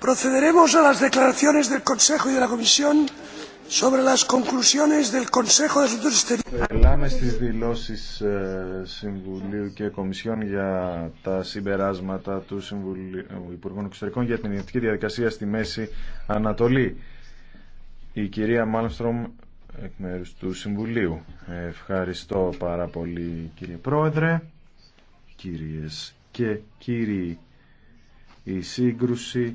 procederemos a las declaraciones del consejo y de del consejo de asuntos exteriores. στις ε, Συμβουλίου και Κομισιόν για τα συμπεράσματα του Συμβουλίου ε, Εξωτερικών για την ειδική διαδικασία στη Μέση Ανατολή. Η κυρία Μάλμστρομ εκ μέρου του Συμβουλίου. Ευχαριστώ πάρα πολύ κύριε Πρόεδρε, κύριε και κύριοι. Η σύγκρουση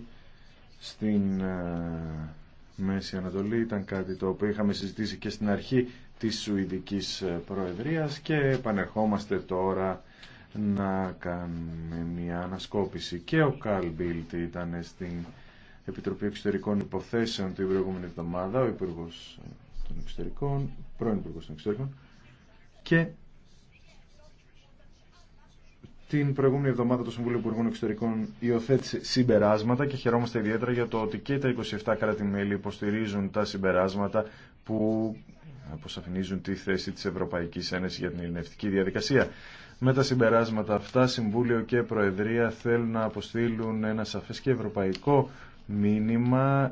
στην ε, Μέση Ανατολή ήταν κάτι το οποίο είχαμε συζητήσει και στην αρχή της Σουηδικής ε, Προεδρίας και επανερχόμαστε τώρα να κάνουμε μια ανασκόπηση. Και ο Καλ Μπίλτ ήταν στην Επιτροπή Εξωτερικών Υποθέσεων την προηγούμενη εβδομάδα, ο Υπουργός των Εξωτερικών, πρώην Υπουργός των Εξωτερικών, και την προηγούμενη εβδομάδα το Συμβούλιο Υπουργών Εξωτερικών υιοθέτησε συμπεράσματα και χαιρόμαστε ιδιαίτερα για το ότι και τα 27 κράτη-μέλη υποστηρίζουν τα συμπεράσματα που αποσαφηνίζουν τη θέση της Ευρωπαϊκής Ένωσης για την ειρηνευτική διαδικασία. Με τα συμπεράσματα αυτά, Συμβούλιο και Προεδρία θέλουν να αποστείλουν ένα σαφές και ευρωπαϊκό μήνυμα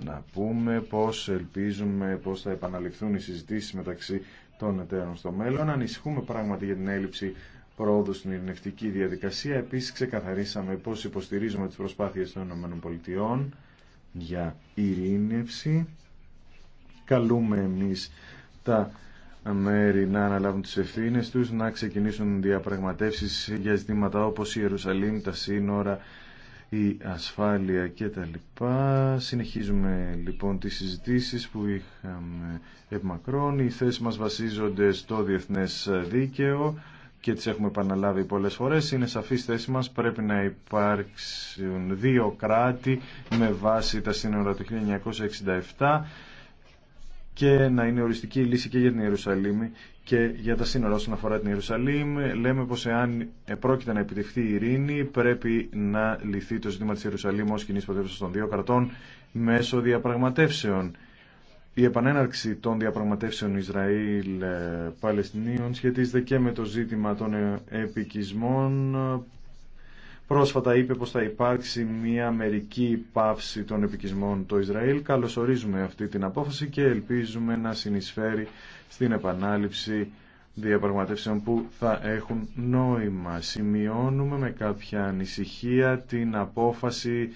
ε, να πούμε πώς ελπίζουμε πώς θα επαναληφθούν οι συζητήσει μεταξύ των εταίρων στο μέλλον. Ανησυχούμε πράγματι για την έλλειψη Πρόοδο στην ειρηνευτική διαδικασία. Επίσης ξεκαθαρίσαμε πω υποστηρίζουμε τι προσπάθειε των ΗΠΑ για ειρήνευση. Καλούμε εμεί τα μέρη να αναλάβουν τις ευθύνες τους, να ξεκινήσουν διαπραγματεύσεις για ζητήματα όπως η Ιερουσαλήμ, τα σύνορα, η ασφάλεια κτλ. Συνεχίζουμε λοιπόν τις συζητήσεις που είχαμε επμακρών. Οι θέσεις μας βασίζονται στο διεθνές δίκαιο και τις έχουμε επαναλάβει πολλές φορές, είναι σαφής θέση μας, πρέπει να υπάρξουν δύο κράτη με βάση τα σύνορα του 1967 και να είναι οριστική η λύση και για την Ιερουσαλήμ και για τα σύνορα όσον αφορά την Ιερουσαλήμ. Λέμε πως εάν πρόκειται να επιτευχθεί η ειρήνη πρέπει να λυθεί το ζήτημα της Ιερουσαλήμ ως κοινής πρωτεύουσα των δύο κρατών μέσω διαπραγματεύσεων. Η επανέναρξη των διαπραγματεύσεων Ισραήλ-Παλαιστινίων σχετίζεται και με το ζήτημα των επικισμών. Πρόσφατα είπε πως θα υπάρξει μια μερική πάυση των επικισμών το Ισραήλ. Καλωσορίζουμε αυτή την απόφαση και ελπίζουμε να συνεισφέρει στην επανάληψη διαπραγματεύσεων που θα έχουν νόημα. Σημειώνουμε με κάποια ανησυχία την απόφαση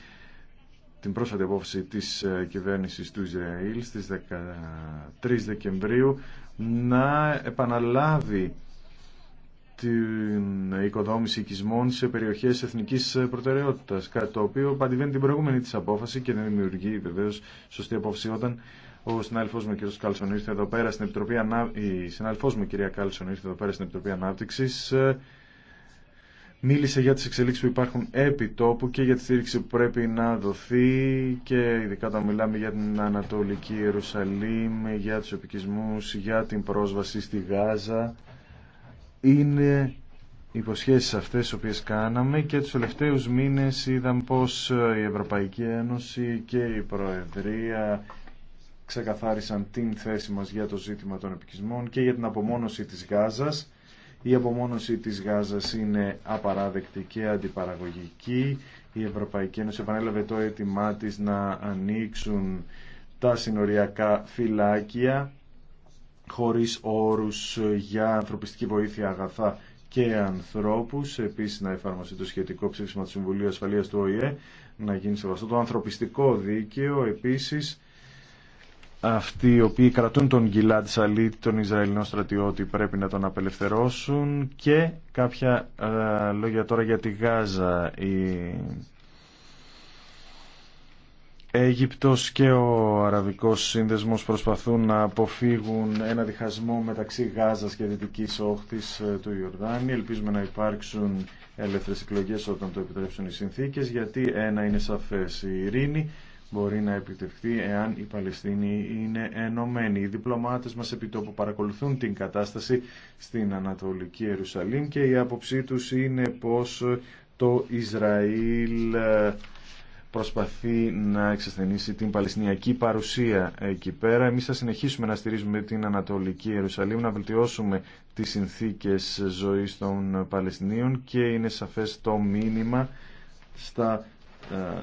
την πρόσφατη απόφαση της ε, κυβέρνησης του Ισραήλ στις 13 Δεκεμβρίου να επαναλάβει την οικοδόμηση οικισμών σε περιοχές εθνικής προτεραιότητας, κάτι το οποίο παντιβαίνει την προηγούμενη της απόφαση και δεν δημιουργεί βεβαίω σωστή απόφαση όταν ο συνάδελφός μου κ. Κάλσον ήρθε εδώ πέρα στην Επιτροπή Ανά... μου κυρία Κάλσον ήρθε εδώ πέρα στην Επιτροπή Ανάπτυξης ε, μίλησε για τις εξελίξεις που υπάρχουν επί τόπου και για τη στήριξη που πρέπει να δοθεί και ειδικά όταν μιλάμε για την Ανατολική Ιερουσαλήμ, για τους επικισμούς, για την πρόσβαση στη Γάζα. Είναι υποσχέσεις αυτές τι οποίες κάναμε και τους τελευταίους μήνες είδαμε πως η Ευρωπαϊκή Ένωση και η Προεδρία ξεκαθάρισαν την θέση μας για το ζήτημα των επικισμών και για την απομόνωση της Γάζας η απομόνωση της Γάζας είναι απαράδεκτη και αντιπαραγωγική. Η Ευρωπαϊκή Ένωση επανέλαβε το αίτημά της να ανοίξουν τα συνοριακά φυλάκια χωρίς όρους για ανθρωπιστική βοήθεια αγαθά και ανθρώπους. Επίσης να εφαρμοστεί το σχετικό ψήφισμα του Συμβουλίου Ασφαλείας του ΟΗΕ, να γίνει σεβαστό το ανθρωπιστικό δίκαιο. Επίσης αυτοί οι οποίοι κρατούν τον Γκυλάντ Σαλίτ, τον Ισραηλινό στρατιώτη, πρέπει να τον απελευθερώσουν και κάποια ε, λόγια τώρα για τη Γάζα. Η Αίγυπτος και ο Αραβικός Σύνδεσμος προσπαθούν να αποφύγουν ένα διχασμό μεταξύ Γάζας και Δυτικής Όχθης ε, του Ιορδάνη. Ελπίζουμε να υπάρξουν ελεύθερες εκλογές όταν το επιτρέψουν οι συνθήκες, γιατί ένα είναι σαφές η ειρήνη μπορεί να επιτευχθεί εάν οι Παλαιστίνοι είναι ενωμένοι. Οι διπλωμάτες μας επιτόπου παρακολουθούν την κατάσταση στην Ανατολική Ιερουσαλήμ και η άποψή τους είναι πως το Ισραήλ ε, προσπαθεί να εξασθενήσει την Παλαιστινιακή παρουσία εκεί πέρα. Εμείς θα συνεχίσουμε να στηρίζουμε την Ανατολική Ιερουσαλήμ, να βελτιώσουμε τις συνθήκες ζωής των Παλαιστινίων και είναι σαφές το μήνυμα στα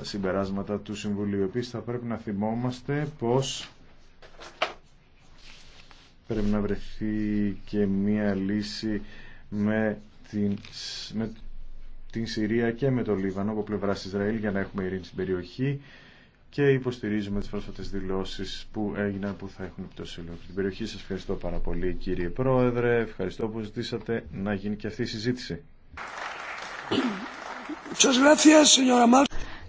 συμπεράσματα του Συμβουλίου. Επίσης θα πρέπει να θυμόμαστε πως πρέπει να βρεθεί και μία λύση με την, με την Συρία και με το Λίβανο από πλευράς Ισραήλ για να έχουμε ειρήνη στην περιοχή και υποστηρίζουμε τις πρόσφατες δηλώσεις που έγιναν που θα έχουν πτωση λίγο την περιοχή. Σας ευχαριστώ πάρα πολύ κύριε Πρόεδρε, ευχαριστώ που ζητήσατε να γίνει και αυτή η συζήτηση. Ε,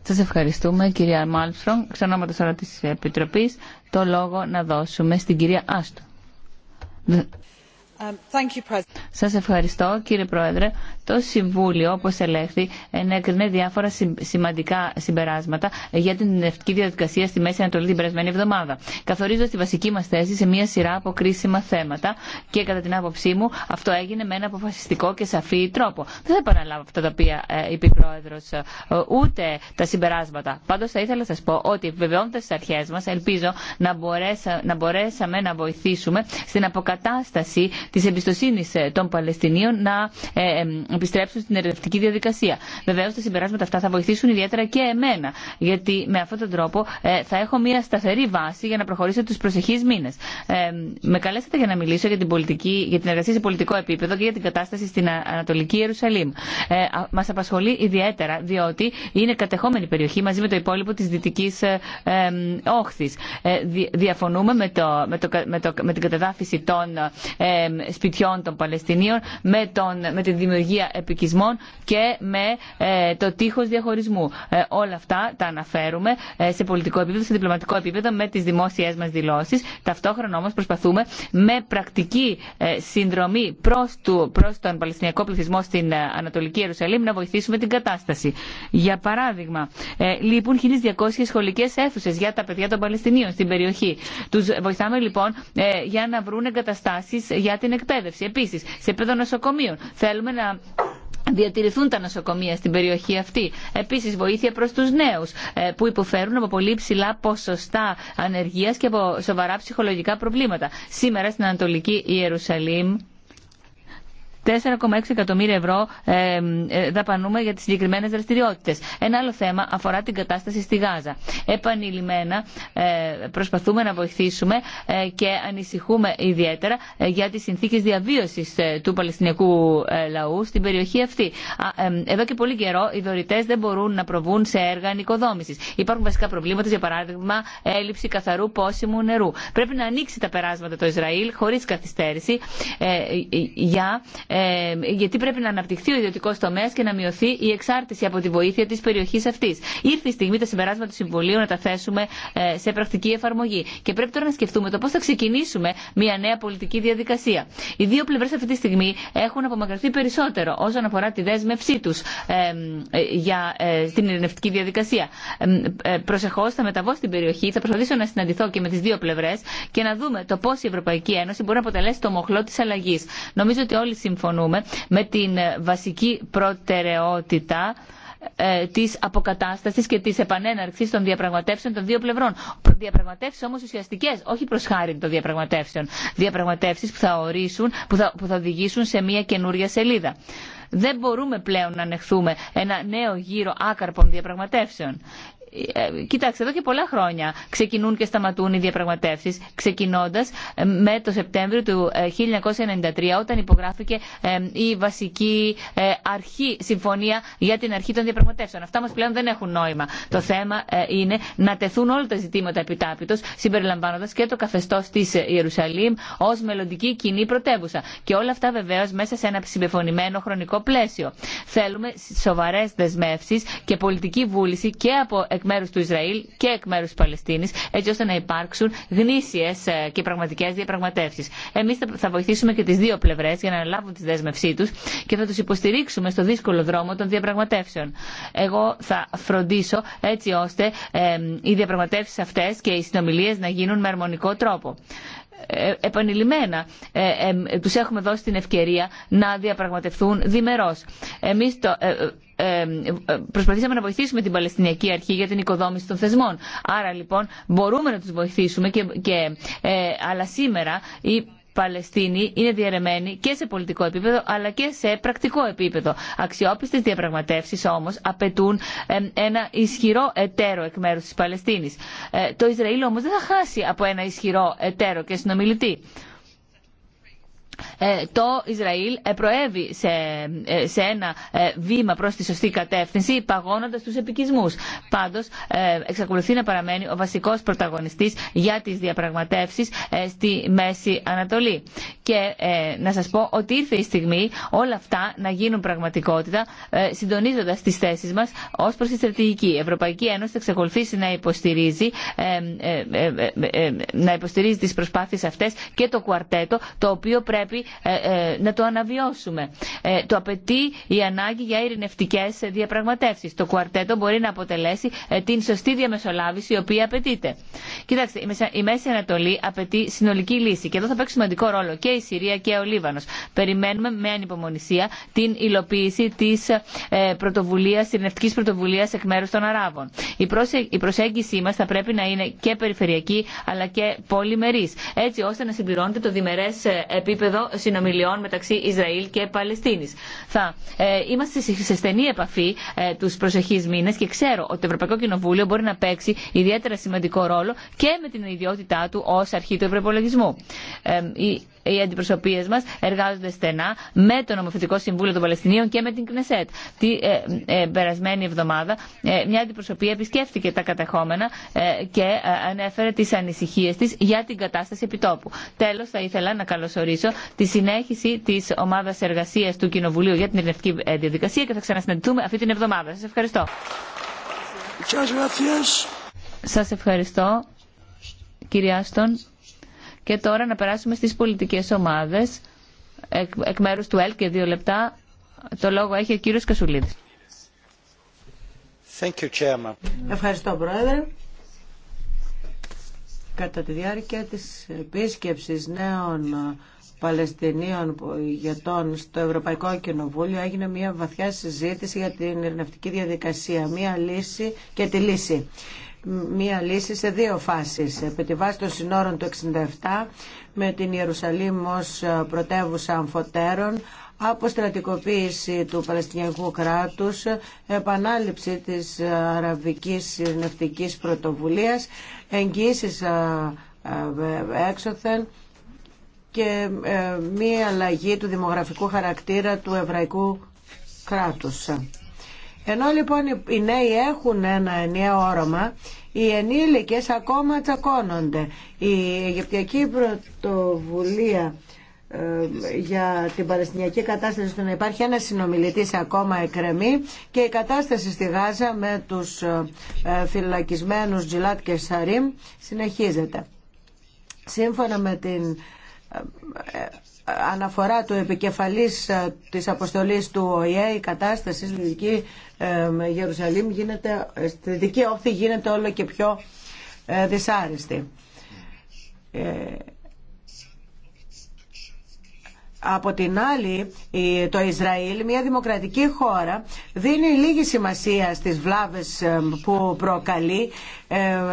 σας ευχαριστούμε κυρία Μάλστρον. με ώρα της Επιτροπής, το λόγο να δώσουμε στην κυρία Άστο. Um, Σας ευχαριστώ κύριε Πρόεδρε. Το Συμβούλιο, όπω ελέγχθη, ενέκρινε διάφορα σημαντικά συμπεράσματα για την ειρηνευτική διαδικασία στη Μέση Ανατολή την περασμένη εβδομάδα. Καθορίζω στη βασική μα θέση σε μία σειρά από κρίσιμα θέματα και κατά την άποψή μου αυτό έγινε με ένα αποφασιστικό και σαφή τρόπο. Δεν θα επαναλάβω αυτά τα οποία ε, είπε η Πρόεδρο, ε, ούτε τα συμπεράσματα. Πάντω θα ήθελα να σα πω ότι βεβαιώντα τι αρχέ μα, ελπίζω να, μπορέσα, να μπορέσαμε να βοηθήσουμε στην αποκατάσταση τη εμπιστοσύνη ε, των Παλαιστινίων να επιστρέψουν στην ερευνητική διαδικασία. Βεβαίω τα συμπεράσματα αυτά θα βοηθήσουν ιδιαίτερα και εμένα, γιατί με αυτόν τον τρόπο ε, θα έχω μια σταθερή βάση για να προχωρήσω του προσεχεί μήνε. Ε, με καλέσατε για να μιλήσω για την, πολιτική, για την εργασία σε πολιτικό επίπεδο και για την κατάσταση στην Ανατολική Ιερουσαλήμ. Ε, Μα απασχολεί ιδιαίτερα, διότι είναι κατεχόμενη περιοχή μαζί με το υπόλοιπο τη δυτική ε, όχθη. Ε, διαφωνούμε με, το, με, το, με, το, με την κατεδάφιση των σπιτιών των Παλαιστινίων, με, τον, με τη δημιουργία επικισμών και με ε, το τείχος διαχωρισμού. Ε, όλα αυτά τα αναφέρουμε ε, σε πολιτικό επίπεδο, σε διπλωματικό επίπεδο με τις δημόσιές μας δηλώσεις. Ταυτόχρονα όμως προσπαθούμε με πρακτική συνδρομή προς, προς τον Παλαιστινιακό πληθυσμό στην Ανατολική Ιερουσαλήμ να βοηθήσουμε την κατάσταση. Για παράδειγμα, λείπουν 1.200 σχολικές αίθουσες για τα παιδιά των Παλαιστινίων στην περιοχή. Τους βοηθάμε λοιπόν για να βρουν εγκαταστάσει για την εκπαίδευση. Επίσης, σε επίπεδο νοσοκομείων θέλουμε να διατηρηθούν τα νοσοκομεία στην περιοχή αυτή. Επίση, βοήθεια προ του νέου ε, που υποφέρουν από πολύ ψηλά ποσοστά ανεργία και από σοβαρά ψυχολογικά προβλήματα. Σήμερα στην Ανατολική Ιερουσαλήμ 4,6 εκατομμύρια ευρώ ε, ε, δαπανούμε για τι συγκεκριμένε δραστηριότητε. Ένα άλλο θέμα αφορά την κατάσταση στη Γάζα. Επανειλημμένα ε, προσπαθούμε να βοηθήσουμε και ανησυχούμε ιδιαίτερα για τι συνθήκε διαβίωση του Παλαιστινιακού λαού στην περιοχή αυτή. Εδώ και πολύ καιρό οι δωρητέ δεν μπορούν να προβούν σε έργα νοικοδόμηση. Υπάρχουν βασικά προβλήματα, για παράδειγμα έλλειψη καθαρού πόσιμου νερού. Πρέπει να ανοίξει τα περάσματα το Ισραήλ χωρί καθυστέρηση για ε, γιατί πρέπει να αναπτυχθεί ο ιδιωτικό τομέα και να μειωθεί η εξάρτηση από τη βοήθεια τη περιοχή αυτή. Ήρθε η στιγμή τα συμπεράσματα του Συμβουλίου να τα θέσουμε ε, σε πρακτική εφαρμογή. Και πρέπει τώρα να σκεφτούμε το πώ θα ξεκινήσουμε μια νέα πολιτική διαδικασία. Οι δύο πλευρέ αυτή τη στιγμή έχουν απομακρυνθεί περισσότερο όσον αφορά τη δέσμευσή του ε, ε, για την ειρηνευτική διαδικασία. Προσεχώ θα μεταβώ στην περιοχή, θα προσπαθήσω να συναντηθώ και με τι δύο πλευρέ και να δούμε το πώ η Ευρωπαϊκή Ένωση μπορεί να αποτελέσει το μοχλό τη αλλαγή. Νομίζω ότι όλοι συμφωνούν με την βασική προτεραιότητα ε, της αποκατάστασης και της επανέναρξης των διαπραγματεύσεων των δύο πλευρών. Διαπραγματεύσεις όμως ουσιαστικές, όχι προς χάρη των διαπραγματεύσεων. Διαπραγματεύσεις που θα, ορίσουν, που θα, που θα οδηγήσουν σε μια καινούρια σελίδα. Δεν μπορούμε πλέον να ανεχθούμε ένα νέο γύρο άκαρπων διαπραγματεύσεων. Ε, κοιτάξτε, εδώ και πολλά χρόνια ξεκινούν και σταματούν οι διαπραγματεύσει, ξεκινώντα ε, με το Σεπτέμβριο του 1993, ε, όταν υπογράφηκε η βασική αρχή συμφωνία για την αρχή των διαπραγματεύσεων. Αυτά μα πλέον δεν έχουν νόημα. Το θέμα είναι να τεθούν όλα τα ζητήματα επιτάπητο, συμπεριλαμβάνοντα και το καθεστώ τη Ιερουσαλήμ ω μελλοντική κοινή πρωτεύουσα. Και όλα αυτά βεβαίω μέσα σε ένα συμπεφωνημένο χρονικό πλαίσιο. Θέλουμε σοβαρέ δεσμεύσει και πολιτική βούληση και από εκ εκ μέρου του Ισραήλ και εκ μέρου τη Παλαιστίνη, έτσι ώστε να υπάρξουν γνήσιε ε, και πραγματικέ διαπραγματεύσει. Εμεί θα βοηθήσουμε και τι δύο πλευρέ για να αναλάβουν τη δέσμευσή του και θα του υποστηρίξουμε στο δύσκολο δρόμο των διαπραγματεύσεων. Εγώ θα φροντίσω έτσι ώστε ε, οι διαπραγματεύσει αυτέ και οι συνομιλίε να γίνουν με αρμονικό τρόπο. Ε, επανειλημμένα ε, ε, τους έχουμε δώσει την ευκαιρία να διαπραγματευτούν διμερώς. Εμείς το, προσπαθήσαμε να βοηθήσουμε την Παλαιστινιακή Αρχή για την οικοδόμηση των θεσμών. Άρα λοιπόν μπορούμε να τους βοηθήσουμε, και, και, αλλά σήμερα... Η, Παλαιστίνη είναι διαιρεμένη και σε πολιτικό επίπεδο αλλά και σε πρακτικό επίπεδο. Αξιόπιστε διαπραγματεύσει όμω απαιτούν ένα ισχυρό εταίρο εκ μέρου τη Παλαιστίνη. Ε, το Ισραήλ όμω δεν θα χάσει από ένα ισχυρό εταίρο και συνομιλητή. Ε, το Ισραήλ ε, προέβη σε, ε, ένα βήμα προς τη σωστή κατεύθυνση παγώνοντας τους επικισμούς. Πάντως εξακολουθεί να παραμένει ο βασικός πρωταγωνιστής για τις διαπραγματεύσεις στη Μέση Ανατολή. Και να σας πω ότι ήρθε η στιγμή όλα αυτά να γίνουν πραγματικότητα συντονίζοντας τις θέσεις μας ως προς τη στρατηγική. Η Ευρωπαϊκή Ένωση θα εξακολουθήσει να υποστηρίζει, να υποστηρίζει τις προσπάθειες αυτές και το κουαρτέτο το οποίο πρέπει πρέπει ε, ε, να το αναβιώσουμε. Ε, το απαιτεί η ανάγκη για ειρηνευτικέ διαπραγματεύσει. Το κουαρτέτο μπορεί να αποτελέσει την σωστή διαμεσολάβηση η οποία απαιτείται. Κοιτάξτε, η Μέση Ανατολή απαιτεί συνολική λύση και εδώ θα παίξει σημαντικό ρόλο και η Συρία και ο Λίβανο. Περιμένουμε με ανυπομονησία την υλοποίηση τη πρωτοβουλία, ειρηνευτική πρωτοβουλία εκ μέρου των Αράβων. Η προσέγγιση μα θα πρέπει να είναι και περιφερειακή αλλά και πολυμερή, έτσι ώστε να συμπληρώνεται το διμερέ επίπεδο επίπεδο συνομιλιών μεταξύ Ισραήλ και Παλαιστίνης. Θα ε, είμαστε σε στενή επαφή ε, του προσεχεί μήνε και ξέρω ότι το Ευρωπαϊκό Κοινοβούλιο μπορεί να παίξει ιδιαίτερα σημαντικό ρόλο και με την ιδιότητά του ω αρχή του προπολογισμού. Ε, οι αντιπροσωπείε μα εργάζονται στενά με το Νομοθετικό Συμβούλιο των Παλαιστινίων και με την Κνεσέτ. Την ε, ε, περασμένη εβδομάδα ε, μια αντιπροσωπεία επισκέφθηκε τα κατεχόμενα και ανέφερε τι ανησυχίε τη για την κατάσταση επιτόπου. Τέλο, θα ήθελα να καλωσορίσω τη συνέχιση τη ομάδα εργασία του Κοινοβουλίου για την Ειρηνευτική Διαδικασία και θα ξανασυναντηθούμε αυτή την εβδομάδα. Σα ευχαριστώ. Σας ευχαριστώ, και τώρα να περάσουμε στις πολιτικές ομάδες. Εκ, εκ μέρους του ΕΛ και δύο λεπτά το λόγο έχει ο κύριος Κασουλίδης. Ευχαριστώ Πρόεδρε. Κατά τη διάρκεια της επίσκεψης νέων Παλαιστινίων ηγετών στο Ευρωπαϊκό Κοινοβούλιο έγινε μια βαθιά συζήτηση για την ειρηνευτική διαδικασία, μια λύση και τη λύση μία λύση σε δύο φάσεις. Επί τη βάση των συνόρων του 67 με την Ιερουσαλήμ ως ε, πρωτεύουσα αμφωτέρων, αποστρατικοποίηση του Παλαιστινιακού κράτους, επανάληψη της ε, αραβικής συνευτικής πρωτοβουλίας, εγγύησεις ε, έξωθεν και μία αλλαγή του δημογραφικού χαρακτήρα του εβραϊκού κράτους. Ενώ λοιπόν οι νέοι έχουν ένα ενιαίο όρομα, οι ενήλικες ακόμα τσακώνονται. Η Αιγυπτιακή Πρωτοβουλία ε, για την Παλαιστινιακή κατάσταση στο να υπάρχει ένα ακόμα εκρεμή και η κατάσταση στη Γάζα με τους ε, φυλακισμένους Τζιλάτ και Σαρίμ συνεχίζεται. Σύμφωνα με την ε, αναφορά του επικεφαλής ε, της αποστολής του ΟΗΕ η κατάσταση στη δική ε, Γερουσαλήμ γίνεται, ε, στη Όχθη γίνεται όλο και πιο δυσάρεστη. Από την άλλη, το Ισραήλ, μια δημοκρατική χώρα, δίνει λίγη σημασία στις βλάβες που προκαλεί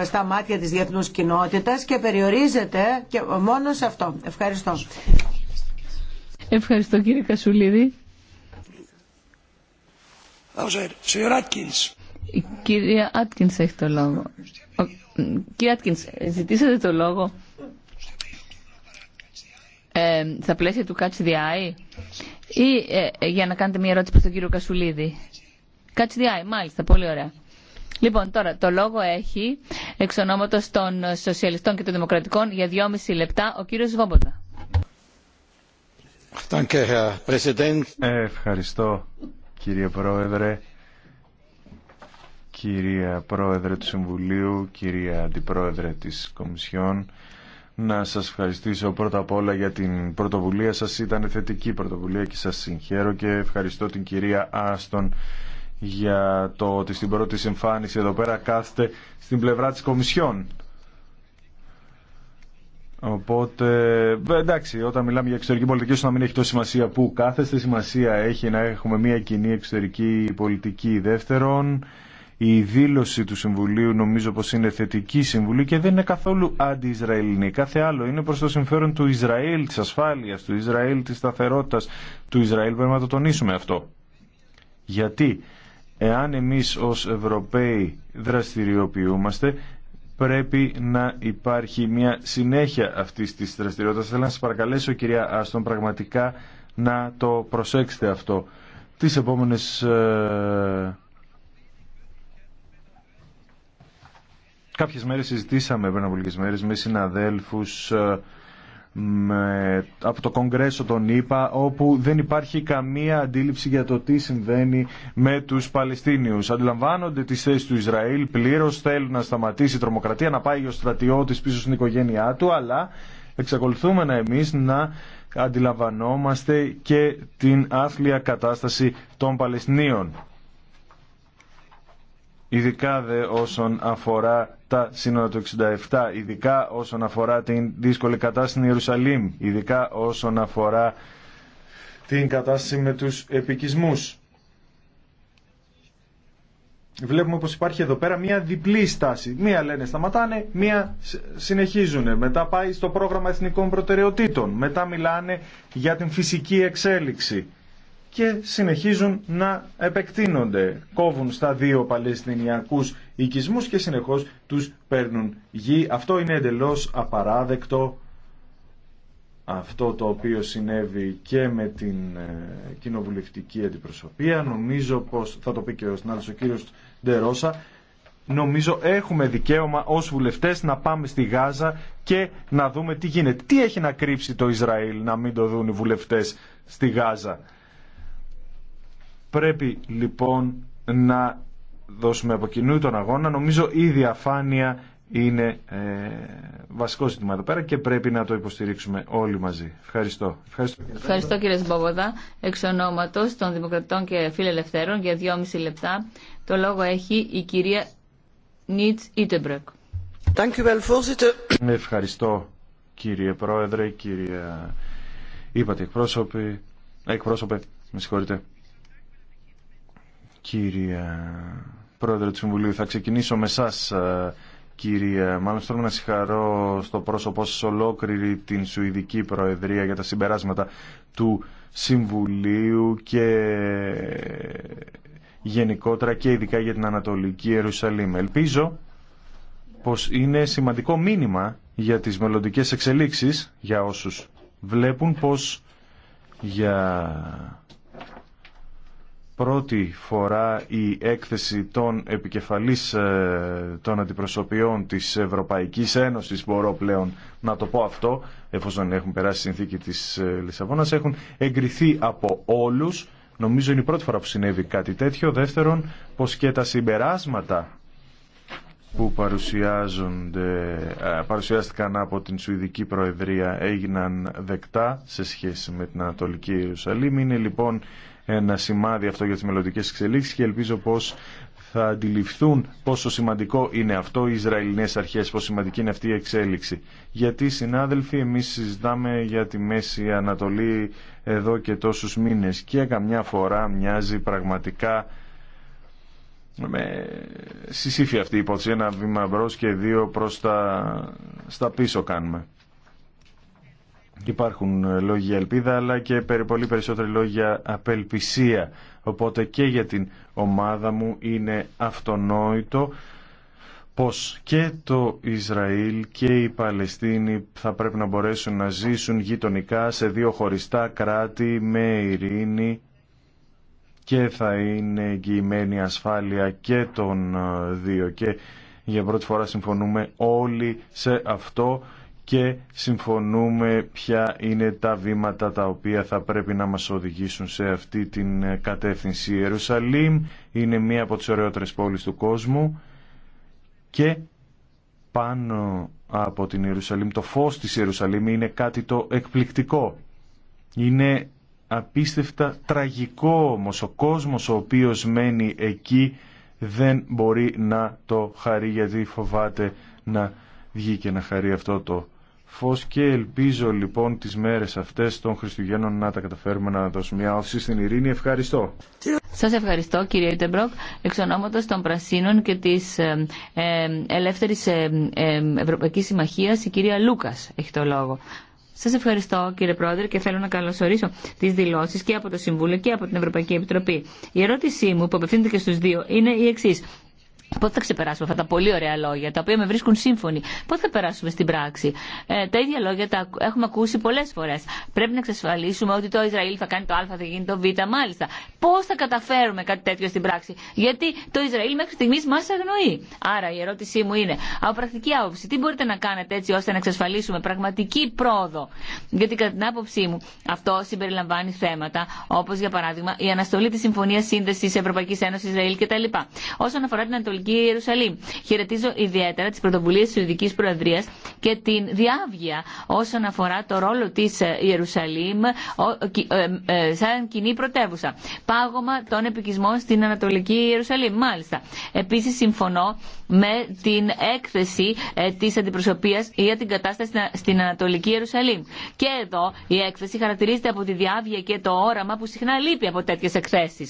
στα μάτια της διεθνούς κοινότητας και περιορίζεται μόνο σε αυτό. Ευχαριστώ. Ευχαριστώ κύριε Κασουλίδη. Κύριε κυρία Άτκινς έχει το λόγο. Κύριε Άτκινς, ζητήσατε το λόγο ε, στα πλαίσια του Catch the Eye ή ε, ε, για να κάνετε μια ερώτηση προς τον κύριο Κασουλίδη. Catch the Eye, μάλιστα, πολύ ωραία. Λοιπόν, τώρα το λόγο έχει εξ ονόματος των Σοσιαλιστών και των Δημοκρατικών για δυόμιση λεπτά ο κύριος Βόμποτα. Ευχαριστώ κύριε Πρόεδρε, κυρία Πρόεδρε του Συμβουλίου, κυρία Αντιπρόεδρε της Κομισιόν. Να σας ευχαριστήσω πρώτα απ' όλα για την πρωτοβουλία σας. Ήταν θετική πρωτοβουλία και σας συγχαίρω και ευχαριστώ την κυρία Άστον για το ότι στην πρώτη συμφάνιση εδώ πέρα κάθεται στην πλευρά της Κομισιόν Οπότε, ε, εντάξει, όταν μιλάμε για εξωτερική πολιτική, όσο να μην έχει τόση σημασία που κάθεστε, σημασία έχει να έχουμε μια κοινή εξωτερική πολιτική. Δεύτερον, η δήλωση του Συμβουλίου νομίζω πως είναι θετική συμβουλή και δεν είναι καθόλου αντι-Ισραηλινή. Κάθε άλλο είναι προς το συμφέρον του Ισραήλ, της ασφάλειας, του Ισραήλ, της σταθερότητας, του Ισραήλ. Πρέπει να το τονίσουμε αυτό. Γιατί εάν εμείς ως Ευρωπαίοι δραστηριοποιούμαστε, πρέπει να υπάρχει μια συνέχεια αυτή της δραστηριότητα. Θέλω να σα παρακαλέσω κυρία Άστον πραγματικά να το προσέξετε αυτό. Τις επόμενες... Ε, κάποιες μέρες συζητήσαμε πριν από λίγες μέρες με συναδέλφους ε, με, από το Κογκρέσο τον ΗΠΑ όπου δεν υπάρχει καμία αντίληψη για το τι συμβαίνει με τους Παλαιστίνιους. Αντιλαμβάνονται τις θέσεις του Ισραήλ πλήρως, θέλουν να σταματήσει η τρομοκρατία, να πάει ο στρατιώτης πίσω στην οικογένειά του, αλλά εξακολουθούμε να εμείς να αντιλαμβανόμαστε και την άθλια κατάσταση των Παλαιστινίων ειδικά δε όσον αφορά τα σύνορα του 67, ειδικά όσον αφορά την δύσκολη κατάσταση στην Ιερουσαλήμ, ειδικά όσον αφορά την κατάσταση με τους επικισμούς. Βλέπουμε πως υπάρχει εδώ πέρα μία διπλή στάση. Μία λένε σταματάνε, μία συνεχίζουν. Μετά πάει στο πρόγραμμα εθνικών προτεραιοτήτων. Μετά μιλάνε για την φυσική εξέλιξη και συνεχίζουν να επεκτείνονται. Κόβουν στα δύο Παλαιστινιακούς οικισμούς και συνεχώς τους παίρνουν γη. Αυτό είναι εντελώς απαράδεκτο. Αυτό το οποίο συνέβη και με την ε, κοινοβουλευτική αντιπροσωπεία, νομίζω πως, θα το πει και ο συνάδελφος ο κύριος Ντερόσα, νομίζω έχουμε δικαίωμα ως βουλευτές να πάμε στη Γάζα και να δούμε τι γίνεται. Τι έχει να κρύψει το Ισραήλ να μην το δουν οι βουλευτές στη Γάζα. Πρέπει λοιπόν να δώσουμε από κοινού τον αγώνα. Νομίζω η διαφάνεια είναι ε, βασικό ζήτημα εδώ πέρα και πρέπει να το υποστηρίξουμε όλοι μαζί. Ευχαριστώ. Ευχαριστώ, κύριε, Ευχαριστώ, κύριε Σμπόβοδα. Εξ ονόματος των Δημοκρατών και Φιλελευθέρων για δυόμιση λεπτά το λόγο έχει η κυρία Νίτς Ιτεμπρεκ. Ευχαριστώ κύριε Πρόεδρε, κύριε είπατε εκπρόσωπε, με συγχωρείτε. Κύριε Πρόεδρε του Συμβουλίου. Θα ξεκινήσω με εσά, ε, κύριε. Μάλλον θέλω να συγχαρώ στο πρόσωπό σα ολόκληρη την Σουηδική Προεδρία για τα συμπεράσματα του Συμβουλίου και γενικότερα και ειδικά για την Ανατολική Ιερουσαλήμ. Ελπίζω πως είναι σημαντικό μήνυμα για τις μελλοντικές εξελίξεις για όσους βλέπουν πως για πρώτη φορά η έκθεση των επικεφαλής ε, των αντιπροσωπιών της Ευρωπαϊκής Ένωσης, μπορώ πλέον να το πω αυτό, εφόσον έχουν περάσει συνθήκη της ε, Λισαβόνας, έχουν εγκριθεί από όλους. Νομίζω είναι η πρώτη φορά που συνέβη κάτι τέτοιο. Δεύτερον, πως και τα συμπεράσματα που παρουσιάζονται, ε, παρουσιάστηκαν από την Σουηδική Προεδρία έγιναν δεκτά σε σχέση με την Ανατολική Ιερουσαλήμ. Είναι λοιπόν ένα σημάδι αυτό για τις μελλοντικέ εξελίξεις και ελπίζω πως θα αντιληφθούν πόσο σημαντικό είναι αυτό οι Ισραηλινές αρχές, πόσο σημαντική είναι αυτή η εξέλιξη. Γιατί, συνάδελφοι, εμείς συζητάμε για τη Μέση Ανατολή εδώ και τόσους μήνες και καμιά φορά μοιάζει πραγματικά με συσήφια αυτή η υπόθεση, ένα βήμα μπρο και δύο προς τα... στα πίσω κάνουμε. Υπάρχουν ε, λόγια ελπίδα αλλά και πολύ περισσότεροι λόγια απελπισία. Οπότε και για την ομάδα μου είναι αυτονόητο πως και το Ισραήλ και η Παλαιστίνη θα πρέπει να μπορέσουν να ζήσουν γειτονικά σε δύο χωριστά κράτη με ειρήνη και θα είναι εγγυημένη ασφάλεια και των ε, δύο. Και για πρώτη φορά συμφωνούμε όλοι σε αυτό και συμφωνούμε ποια είναι τα βήματα τα οποία θα πρέπει να μας οδηγήσουν σε αυτή την κατεύθυνση. Η Ιερουσαλήμ είναι μία από τις ωραιότερες πόλεις του κόσμου και πάνω από την Ιερουσαλήμ, το φως της Ιερουσαλήμ είναι κάτι το εκπληκτικό. Είναι απίστευτα τραγικό όμως ο κόσμος ο οποίος μένει εκεί δεν μπορεί να το χαρεί γιατί φοβάται να βγει και να χαρεί αυτό το φως και ελπίζω λοιπόν τις μέρες αυτές των Χριστουγέννων να τα καταφέρουμε να δώσουμε μια όψη στην ειρήνη. Ευχαριστώ. Σας ευχαριστώ κύριε Ιτεμπρόκ. Εξ ονόματος των Πρασίνων και της ε, ε Ελεύθερης ε, ε, Ευρωπαϊκής Συμμαχίας η κυρία Λούκας έχει το λόγο. Σα ευχαριστώ κύριε Πρόεδρε και θέλω να καλωσορίσω τι δηλώσει και από το Συμβούλιο και από την Ευρωπαϊκή Επιτροπή. Η ερώτησή μου που απευθύνεται και στου δύο είναι η εξή. Πότε θα ξεπεράσουμε αυτά τα πολύ ωραία λόγια, τα οποία με βρίσκουν σύμφωνοι. Πότε θα περάσουμε στην πράξη. Ε, τα ίδια λόγια τα έχουμε ακούσει πολλέ φορέ. Πρέπει να εξασφαλίσουμε ότι το Ισραήλ θα κάνει το Α, θα γίνει το Β, μάλιστα. Πώ θα καταφέρουμε κάτι τέτοιο στην πράξη. Γιατί το Ισραήλ μέχρι στιγμή μα αγνοεί. Άρα η ερώτησή μου είναι, από πρακτική άποψη, τι μπορείτε να κάνετε έτσι ώστε να εξασφαλίσουμε πραγματική πρόοδο. Γιατί κατά την άποψή μου αυτό συμπεριλαμβάνει θέματα όπω για παράδειγμα η αναστολή τη Συμφωνία Σύνδεση Ευρωπαϊκή Ένωση Ισραήλ κτλ. Όσον αφορά την Ανατολική Ιερουσαλήμ. Χαιρετίζω ιδιαίτερα τι πρωτοβουλίε τη Ιουδική Προεδρία και την διάβγεια όσον αφορά το ρόλο τη ε, Ιερουσαλήμ ε, ε, σαν κοινή πρωτεύουσα. Πάγωμα των επικισμών στην Ανατολική Ιερουσαλήμ. Μάλιστα. Επίση, συμφωνώ με την έκθεση τη αντιπροσωπεία για την κατάσταση στην Ανατολική Ιερουσαλήμ. Και εδώ η έκθεση χαρακτηρίζεται από τη διάβγεια και το όραμα που συχνά λείπει από τέτοιε εκθέσει.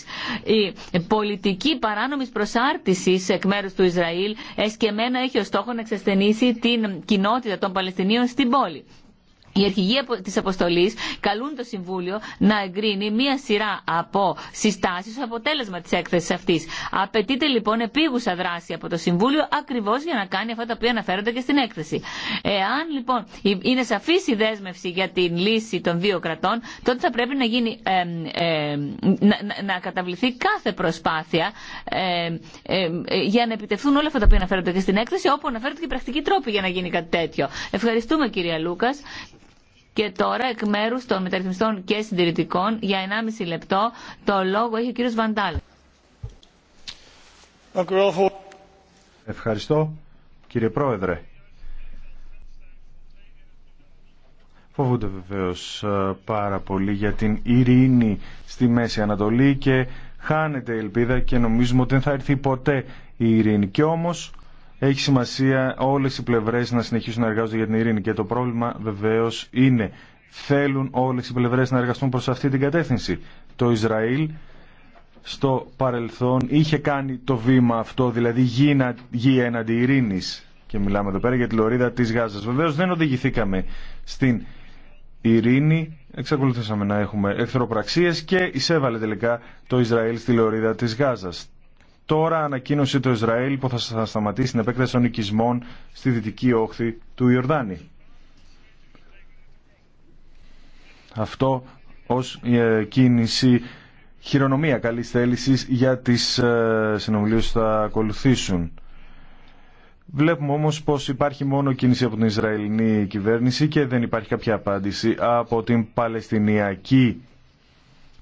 Η πολιτική παράνομη προσάρτηση εκ μέρου του Ισραήλ, εσκεμμένα έχει ο στόχο να εξασθενήσει την κοινότητα των Παλαιστινίων στην πόλη. Η αρχηγοί τη αποστολή καλούν το Συμβούλιο να εγκρίνει μία σειρά από συστάσεις ως αποτέλεσμα της έκθεσης αυτής. Απαιτείται λοιπόν επίγουσα δράση από το Συμβούλιο ακριβώς για να κάνει αυτά τα οποία αναφέρονται και στην έκθεση. Εάν λοιπόν είναι σαφή η δέσμευση για την λύση των δύο κρατών, τότε θα πρέπει να, γίνει, ε, να, καταβληθεί κάθε προσπάθεια ε, για να επιτευχθούν όλα αυτά τα οποία αναφέρονται και στην έκθεση, όπου αναφέρονται και πρακτικοί τρόποι για να γίνει κάτι τέτοιο. Ευχαριστούμε κυρία Λούκα και τώρα εκ μέρου των μεταρρυθμιστών και συντηρητικών για 1,5 λεπτό το λόγο έχει ο κύριο Βαντάλ. Ευχαριστώ κύριε Πρόεδρε. Φοβούνται βεβαίω ε, πάρα πολύ για την ειρήνη στη Μέση Ανατολή και χάνεται η ελπίδα και νομίζουμε ότι δεν θα έρθει ποτέ η ειρήνη. Και όμως έχει σημασία όλες οι πλευρές να συνεχίσουν να εργάζονται για την ειρήνη και το πρόβλημα βεβαίως είναι θέλουν όλες οι πλευρές να εργαστούν προς αυτή την κατεύθυνση. Το Ισραήλ στο παρελθόν είχε κάνει το βήμα αυτό, δηλαδή γη, έναντι ειρήνης και μιλάμε εδώ πέρα για τη λωρίδα της Γάζας. Βεβαίως δεν οδηγηθήκαμε στην ειρήνη, εξακολουθήσαμε να έχουμε εχθροπραξίες και εισέβαλε τελικά το Ισραήλ στη λωρίδα της Γάζας. Τώρα ανακοίνωσε το Ισραήλ που θα σταματήσει την επέκταση των οικισμών στη δυτική όχθη του Ιορδάνη. Αυτό ως ε, κίνηση χειρονομία καλής θέλησης για τις ε, συνομιλίες που θα ακολουθήσουν. Βλέπουμε όμως πως υπάρχει μόνο κίνηση από την Ισραηλινή κυβέρνηση και δεν υπάρχει κάποια απάντηση από την Παλαιστινιακή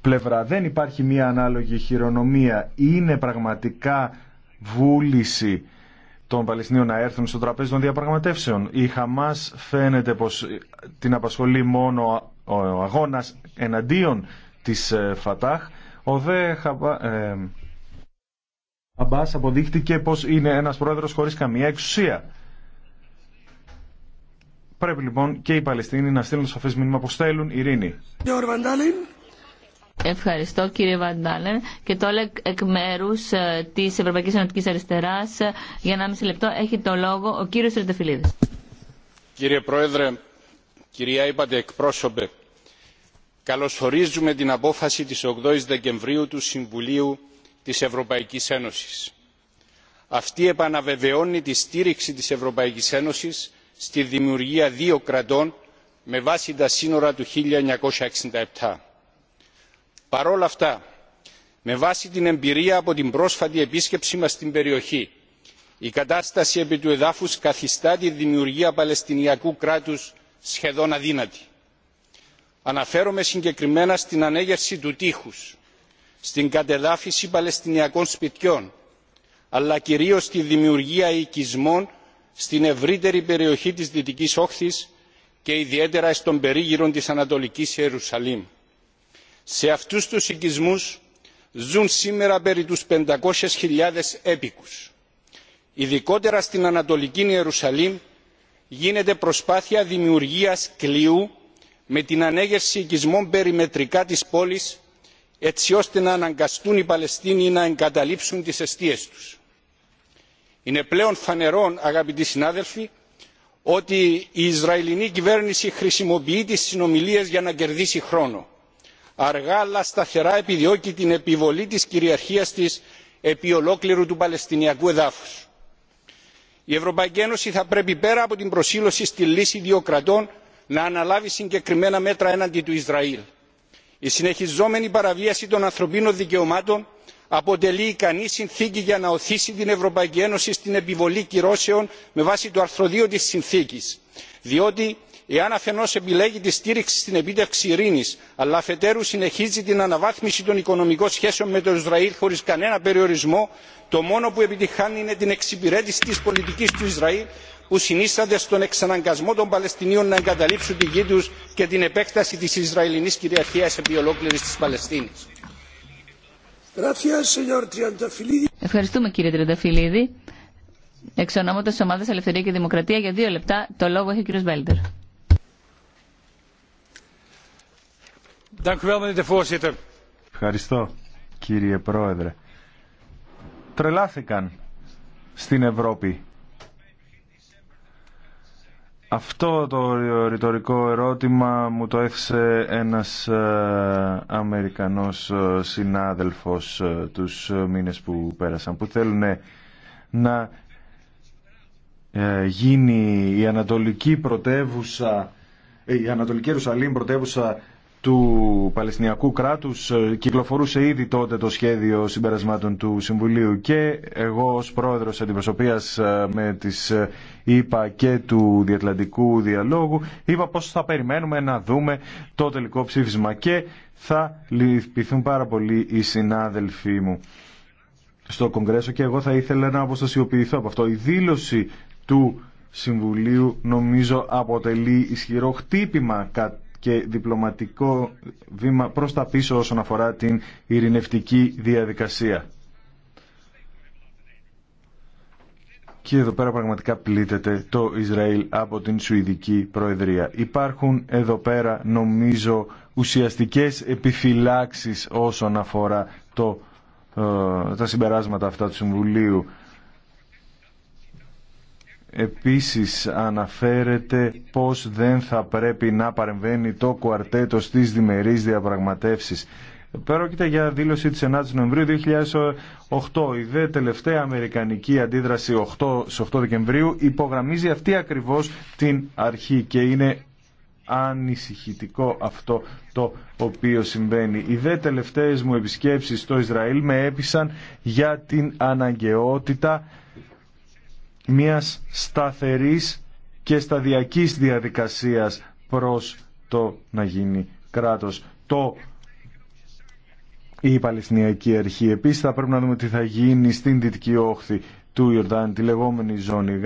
πλευρά. Δεν υπάρχει μία ανάλογη χειρονομία. Είναι πραγματικά βούληση των Παλαιστινίων να έρθουν στο τραπέζι των διαπραγματεύσεων. Η Χαμάς φαίνεται πως την απασχολεί μόνο ο αγώνας εναντίον της ε, Φατάχ. Ο Δε Χαμπά... Ε, Αμπάς αποδείχτηκε πως είναι ένας πρόεδρος χωρίς καμία εξουσία. Πρέπει λοιπόν και οι Παλαιστίνοι να στείλουν σαφές μήνυμα που θέλουν ειρήνη. Ευχαριστώ κύριε Βαντάλεν και το έλεγε εκ μέρου ε, τη Ευρωπαϊκή Ενωτική Αριστερά ε, για 1,5 λεπτό έχει το λόγο ο κύριο Ρετεφιλίδη. Κύριε Πρόεδρε, κυρία Ήπατε, εκπρόσωπε, καλωσορίζουμε την απόφαση της 8ης Δεκεμβρίου του Συμβουλίου της Ευρωπαϊκής Ένωσης. Αυτή επαναβεβαιώνει τη στήριξη της Ευρωπαϊκής Ένωσης στη δημιουργία δύο κρατών με βάση τα σύνορα του 1967 παρόλα αυτά με βάση την εμπειρία από την πρόσφατη επίσκεψή μας στην περιοχή η κατάσταση επί του εδάφους καθιστά τη δημιουργία παλαιστινιακού κράτους σχεδόν αδύνατη. αναφέρομαι συγκεκριμένα στην ανέγερση του τείχους στην κατεδάφιση παλαιστινιακών σπιτιών αλλά κυρίως στη δημιουργία οικισμών στην ευρύτερη περιοχή της δυτικής όχθης και ιδιαίτερα στον περίγυρο της ανατολικής ιερουσαλήμ σε αυτούς τους οικισμούς ζουν σήμερα περί τους 500.000 έπικους. Ειδικότερα στην Ανατολική Ιερουσαλήμ γίνεται προσπάθεια δημιουργίας κλειού με την ανέγερση οικισμών περιμετρικά της πόλης έτσι ώστε να αναγκαστούν οι Παλαιστίνοι να εγκαταλείψουν τις αιστείες τους. Είναι πλέον φανερό, αγαπητοί συνάδελφοι, ότι η Ισραηλινή κυβέρνηση χρησιμοποιεί τις συνομιλίες για να κερδίσει χρόνο αργά αλλά σταθερά επιδιώκει την επιβολή της κυριαρχίας της επί ολόκληρου του παλαιστινιακού εδάφους. η ευρωπαϊκή ένωση θα πρέπει πέρα από την προσήλωση στη λύση δύο κρατών να αναλάβει συγκεκριμένα μέτρα έναντι του ισραήλ. η συνεχιζόμενη παραβίαση των ανθρωπίνων δικαιωμάτων αποτελεί ικανή συνθήκη για να οθήσει την ευρωπαϊκή ένωση στην επιβολή κυρώσεων με βάση το άρθρο δύο της συνθήκης διότι εάν αφενό επιλέγει τη στήριξη στην επίτευξη ειρήνη αλλά αφετέρου συνεχίζει την αναβάθμιση των οικονομικών σχέσεων με το ισραήλ χωρί κανένα περιορισμό το μόνο που επιτυγχάνει είναι την εξυπηρέτηση τη πολιτική του ισραήλ που συνίσταται στον εξαναγκασμό των παλαιστινίων να εγκαταλείψουν τη γη του και την επέκταση τη ισραηλινής κυριαρχία επί ολόκληρη τη παλαιστίνη. Ευχαριστούμε κύριε Τριανταφυλλίδη. Εξ Ομάδα Ελευθερία και Δημοκρατία για δύο λεπτά το λόγο έχει ο κύριο Ευχαριστώ κύριε Πρόεδρε. Τρελάθηκαν στην Ευρώπη. Αυτό το ρητορικό ερώτημα μου το έθεσε ένας ε, Αμερικανός ε, συνάδελφος ε, τους μήνες που πέρασαν που θέλουν να γίνει η Ανατολική πρωτεύουσα η Ανατολική Ιερουσαλήμ πρωτεύουσα του Παλαιστινιακού κράτους ε, κυκλοφορούσε ήδη τότε το σχέδιο συμπερασμάτων του Συμβουλίου και εγώ ως πρόεδρος αντιπροσωπείας ε, με τις ήπα ε, και του Διατλαντικού Διαλόγου είπα πως θα περιμένουμε να δούμε το τελικό ψήφισμα και θα λυπηθούν πάρα πολύ οι συνάδελφοί μου στο Κογκρέσο και εγώ θα ήθελα να αποστασιοποιηθώ από αυτό. Η δήλωση του Συμβουλίου νομίζω αποτελεί ισχυρό χτύπημα και διπλωματικό βήμα προς τα πίσω όσον αφορά την ειρηνευτική διαδικασία. Και εδώ πέρα πραγματικά πλήττεται το Ισραήλ από την Σουηδική Προεδρία. Υπάρχουν εδώ πέρα νομίζω ουσιαστικές επιφυλάξεις όσον αφορά το, ε, τα συμπεράσματα αυτά του Συμβουλίου Επίσης αναφέρεται πως δεν θα πρέπει να παρεμβαίνει το κουαρτέτο στις διμερείς διαπραγματεύσεις. Πρόκειται για δήλωση της 9ης Νοεμβρίου 2008. Η δε τελευταία αμερικανική αντίδραση 8, στις 8 Δεκεμβρίου υπογραμμίζει αυτή ακριβώς την αρχή και είναι ανησυχητικό αυτό το οποίο συμβαίνει. Οι δε τελευταίες μου επισκέψεις στο Ισραήλ με έπεισαν για την αναγκαιότητα μιας σταθερής και σταδιακής διαδικασίας προς το να γίνει κράτος. Το η Παλαιστινιακή Αρχή. Επίσης θα πρέπει να δούμε τι θα γίνει στην Δυτική Όχθη του Ιορδάνη, τη λεγόμενη ζώνη Γ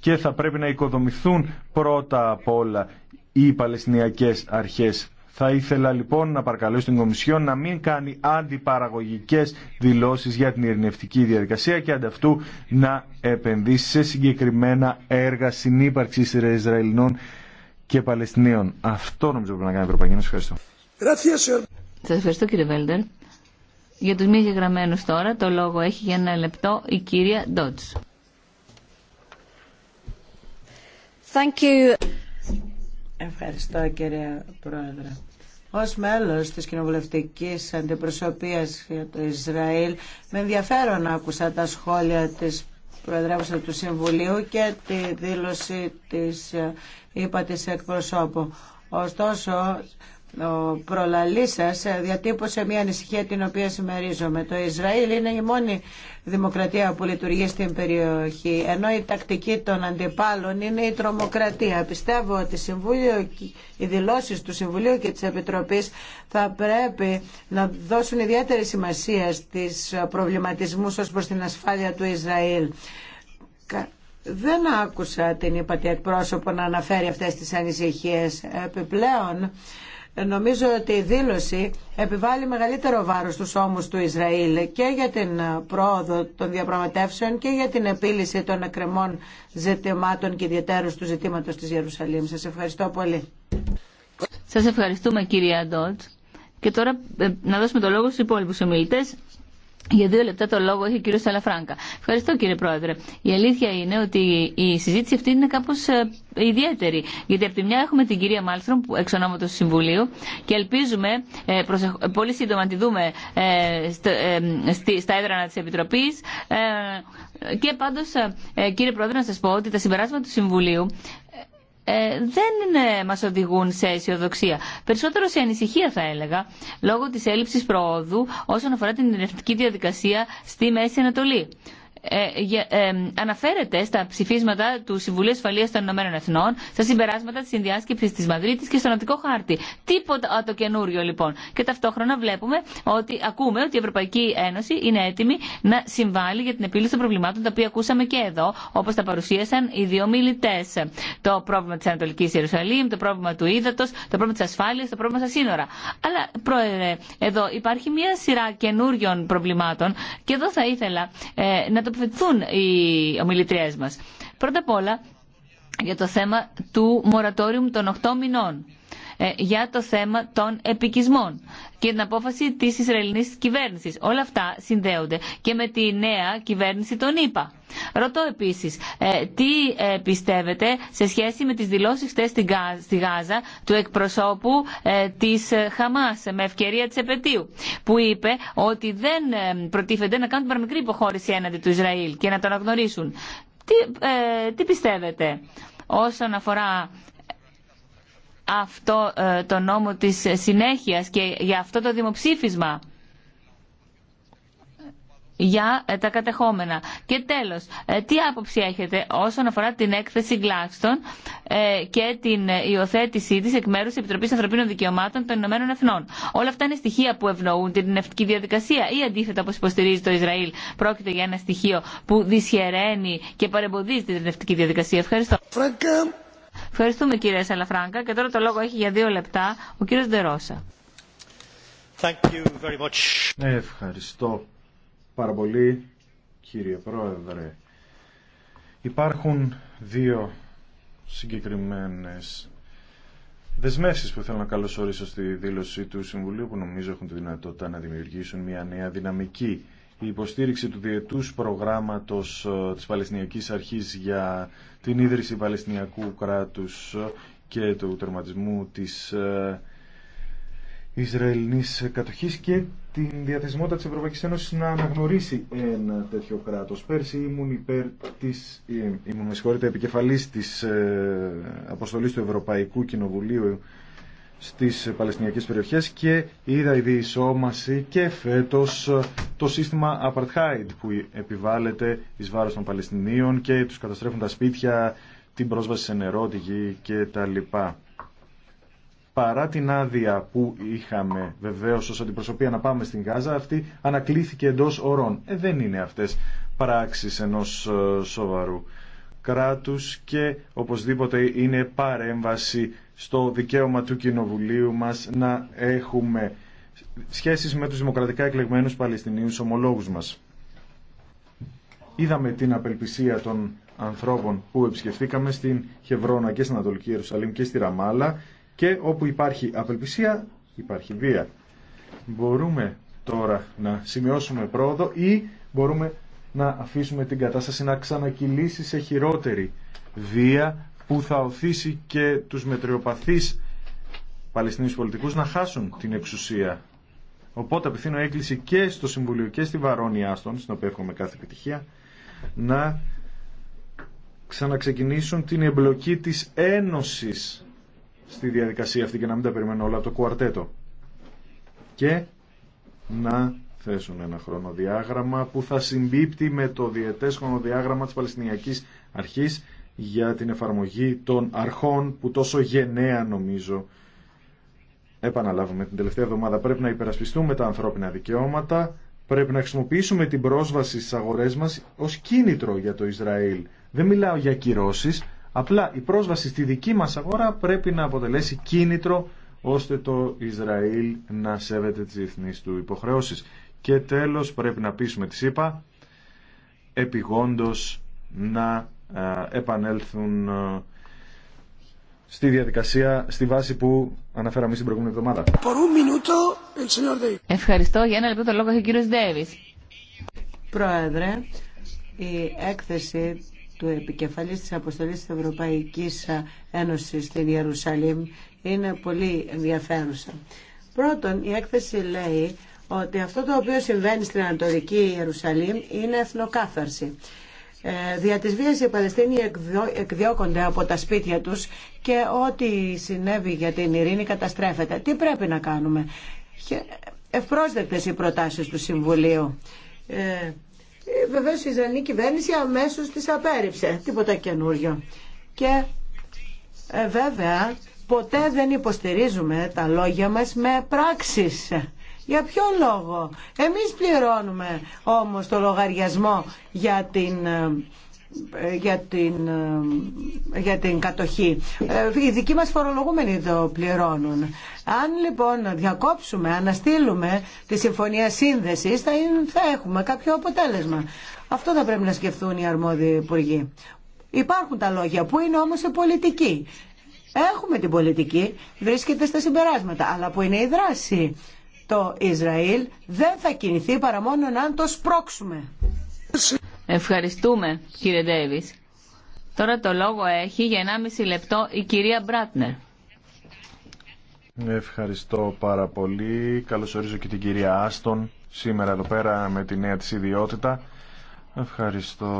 και θα πρέπει να οικοδομηθούν πρώτα απ' όλα οι Παλαιστινιακές Αρχές θα ήθελα λοιπόν να παρακαλώ στην Κομισιόν να μην κάνει αντιπαραγωγικέ δηλώσει για την ειρηνευτική διαδικασία και ανταυτού να επενδύσει σε συγκεκριμένα έργα συνύπαρξη Ισραηλινών και Παλαιστινίων. Αυτό νομίζω πρέπει να κάνει η Ευρωπαϊκή Ένωση. Ευχαριστώ. Σα ευχαριστώ κύριε Βέλντερ. Για του μη γεγραμμένους τώρα το λόγο έχει για ένα λεπτό η κυρία Ντότζ. Ευχαριστώ κύριε Πρόεδρε. Ως μέλος της κοινοβουλευτικής αντιπροσωπείας για το Ισραήλ, με ενδιαφέρον άκουσα τα σχόλια της Προεδρεύουσα του Συμβουλίου και τη δήλωση της ε, είπα της εκπροσώπου. Ωστόσο, ο προλαλής σας ε, διατύπωσε μια ανησυχία την οποία συμμερίζομαι. Το Ισραήλ είναι η μόνη δημοκρατία που λειτουργεί στην περιοχή, ενώ η τακτική των αντιπάλων είναι η τρομοκρατία. Πιστεύω ότι συμβούλιο, οι δηλώσεις του Συμβουλίου και της Επιτροπής θα πρέπει να δώσουν ιδιαίτερη σημασία στις προβληματισμούς ως προς την ασφάλεια του Ισραήλ. Δεν άκουσα την είπατε εκπρόσωπο να αναφέρει αυτές τις ανησυχίες. Επιπλέον, Νομίζω ότι η δήλωση επιβάλλει μεγαλύτερο βάρος στους ώμους του Ισραήλ και για την ε, πρόοδο των διαπραγματεύσεων και για την επίλυση των εκκρεμών ζητημάτων και ιδιαίτερως του ζητήματος της Ιερουσαλήμ. Σας ευχαριστώ πολύ. Σας ευχαριστούμε κύριε Ντότ. Και τώρα ε, να δώσουμε το λόγο στους υπόλοιπους ομιλητές. Για δύο λεπτά το λόγο έχει ο κύριο Σαλαφράγκα. Ευχαριστώ κύριε Πρόεδρε. Η αλήθεια είναι ότι η συζήτηση αυτή είναι κάπω ε, ιδιαίτερη. Γιατί από τη μια έχουμε την κυρία Μάλστρομ, εξ ονόματο του Συμβουλίου, και ελπίζουμε ε, πολύ σύντομα να τη δούμε ε, στα έδρανα τη Επιτροπή. Και πάντω, κύριε Πρόεδρε, να σα πω ότι τα συμπεράσματα του Συμβουλίου ε, δεν μας οδηγούν σε αισιοδοξία. Περισσότερο σε ανησυχία θα έλεγα, λόγω της έλλειψης προόδου όσον αφορά την ενεργητική διαδικασία στη Μέση Ανατολή. Ε, ε, αναφέρεται στα ψηφίσματα του Συμβουλίου Ασφαλείας των Ηνωμένων Εθνών, στα συμπεράσματα της συνδιάσκεψης της Μαδρίτης και στον Αττικό Χάρτη. Τίποτα το καινούριο λοιπόν. Και ταυτόχρονα βλέπουμε ότι ακούμε ότι η Ευρωπαϊκή Ένωση είναι έτοιμη να συμβάλλει για την επίλυση των προβλημάτων τα οποία ακούσαμε και εδώ, όπως τα παρουσίασαν οι δύο μιλητές. Το πρόβλημα της Ανατολικής Ιερουσαλήμ, το πρόβλημα του ύδατος, το πρόβλημα της ασφάλειας, το πρόβλημα στα σύνορα. Αλλά, πρόεδρε, εδώ υπάρχει μια σειρά καινούριων προβλημάτων και εδώ θα ήθελα ε, να το τοποθετηθούν οι ομιλητριές μας. Πρώτα απ' όλα για το θέμα του μορατόριου των 8 μηνών. Ε, για το θέμα των επικισμών και την απόφαση της Ισραηλινής κυβέρνησης. Όλα αυτά συνδέονται και με τη νέα κυβέρνηση των ΗΠΑ. Ρωτώ επίσης, ε, τι ε, πιστεύετε σε σχέση με τις δηλώσεις χτες στη Γάζα του εκπροσώπου της Χαμάς με ευκαιρία της επαιτίου που είπε ότι δεν προτίθεται να κάνουν παραμικρή υποχώρηση έναντι του Ισραήλ και να τον αγνωρίσουν. Τι, τι πιστεύετε όσον αφορά αυτό ε, το νόμο της συνέχειας και για αυτό το δημοψήφισμα για ε, τα κατεχόμενα. Και τέλος, ε, τι άποψη έχετε όσον αφορά την έκθεση Γκλάκστον και την υιοθέτησή της εκ μέρους της Επιτροπής Ανθρωπίνων Δικαιωμάτων των Ηνωμένων Εθνών. Όλα αυτά είναι στοιχεία που ευνοούν την ενευτική διαδικασία ή αντίθετα όπως υποστηρίζει το Ισραήλ πρόκειται για ένα στοιχείο που δυσχεραίνει και παρεμποδίζει την ενευτική διαδικασία. Ευχαριστώ. Ευχαριστούμε κύριε Σαλαφράγκα και τώρα το λόγο έχει για δύο λεπτά ο κύριος Ντερόσα. Ευχαριστώ πάρα πολύ κύριε Πρόεδρε. Υπάρχουν δύο συγκεκριμένες δεσμεύσεις που θέλω να καλωσορίσω στη δήλωσή του Συμβουλίου που νομίζω έχουν τη δυνατότητα να δημιουργήσουν μια νέα δυναμική η υποστήριξη του διετούς προγράμματος ε, της Παλαιστινιακής Αρχής για την ίδρυση Παλαιστινιακού κράτους και του τερματισμού της ε, Ισραηλινής κατοχής και την διαθεσιμότητα της Ευρωπαϊκής Ένωσης να αναγνωρίσει ένα τέτοιο κράτος. Πέρσι ήμουν υπέρ της, ε, ήμουν επικεφαλής της αποστολής του Ευρωπαϊκού Κοινοβουλίου στις Παλαιστινιακές περιοχές και είδα η διεισόμαση και φέτος ε, το σύστημα Apartheid που επιβάλλεται εις βάρος των Παλαιστινίων και τους καταστρέφουν τα σπίτια, την πρόσβαση σε νερό, τη και τα λοιπά. Παρά την άδεια που είχαμε βεβαίως ως αντιπροσωπεία να πάμε στην Γάζα, αυτή ανακλήθηκε εντός ορών. Ε, δεν είναι αυτές πράξεις ενός ε, σοβαρού κράτους και οπωσδήποτε είναι παρέμβαση στο δικαίωμα του Κοινοβουλίου μας να έχουμε σχέσεις με τους δημοκρατικά εκλεγμένους Παλαιστινίους ομολόγους μας. Είδαμε την απελπισία των ανθρώπων που επισκεφθήκαμε στην Χευρώνα και στην Ανατολική Ιερουσαλήμ και στη Ραμάλα και όπου υπάρχει απελπισία υπάρχει βία. Μπορούμε τώρα να σημειώσουμε πρόοδο ή μπορούμε να αφήσουμε την κατάσταση να ξανακυλήσει σε χειρότερη βία που θα οθήσει και τους μετριοπαθείς Παλαιστινίους πολιτικούς να χάσουν την εξουσία. Οπότε απευθύνω έκκληση και στο Συμβουλίο και στη Βαρόνια Άστον, στην οποία έχουμε κάθε επιτυχία, να ξαναξεκινήσουν την εμπλοκή της Ένωσης στη διαδικασία αυτή και να μην τα περιμένω όλα από το κουαρτέτο. Και να θέσουν ένα χρονοδιάγραμμα που θα συμπίπτει με το διετές χρονοδιάγραμμα της Παλαιστινιακής Αρχής για την εφαρμογή των αρχών που τόσο γενναία νομίζω επαναλάβουμε την τελευταία εβδομάδα. Πρέπει να υπερασπιστούμε τα ανθρώπινα δικαιώματα, πρέπει να χρησιμοποιήσουμε την πρόσβαση στις αγορές μας ως κίνητρο για το Ισραήλ. Δεν μιλάω για κυρώσει, απλά η πρόσβαση στη δική μας αγορά πρέπει να αποτελέσει κίνητρο ώστε το Ισραήλ να σέβεται τις διεθνείς του υποχρεώσεις. Και τέλος πρέπει να πείσουμε τη ΣΥΠΑ επιγόντως να επανέλθουν στη διαδικασία, στη βάση που αναφέραμε στην προηγούμενη εβδομάδα. Ευχαριστώ. Για ένα λεπτό το λόγο έχει ο κύριο Ντέβης. Πρόεδρε, η έκθεση του επικεφαλής της Αποστολής της Ευρωπαϊκής Ένωσης στην Ιερουσαλήμ είναι πολύ ενδιαφέρουσα. Πρώτον, η έκθεση λέει ότι αυτό το οποίο συμβαίνει στην Ανατολική Ιερουσαλήμ είναι εθνοκάθαρση. Ε, δια της βίας οι Παλαιστίνοι εκδιώκονται από τα σπίτια τους και ό,τι συνέβη για την ειρήνη καταστρέφεται. Τι πρέπει να κάνουμε. Ευπρόσδεκτες οι προτάσεις του Συμβουλίου. Ε, ε, βεβαίως η Ισραηλινή κυβέρνηση αμέσως τις απέρριψε. Τίποτα καινούριο. Και ε, βέβαια ποτέ δεν υποστηρίζουμε τα λόγια μας με πράξεις. Για ποιο λόγο. Εμείς πληρώνουμε όμως το λογαριασμό για την ε, για την, ε, για την κατοχή. Ε, οι δικοί μας φορολογούμενοι το πληρώνουν. Αν λοιπόν διακόψουμε, αναστείλουμε τη συμφωνία σύνδεσης θα, θα έχουμε κάποιο αποτέλεσμα. Αυτό θα πρέπει να σκεφτούν οι αρμόδιοι υπουργοί. Υπάρχουν τα λόγια που είναι όμως η πολιτική. Έχουμε την πολιτική, βρίσκεται στα συμπεράσματα, αλλά που είναι η δράση το Ισραήλ δεν θα κινηθεί παρά μόνο αν το σπρώξουμε. Ευχαριστούμε κύριε Ντέιβις. Τώρα το λόγο έχει για 1,5 λεπτό η κυρία Μπράτνερ. Ευχαριστώ πάρα πολύ. Καλωσορίζω και την κυρία Άστον σήμερα εδώ πέρα με τη νέα της ιδιότητα. Ευχαριστώ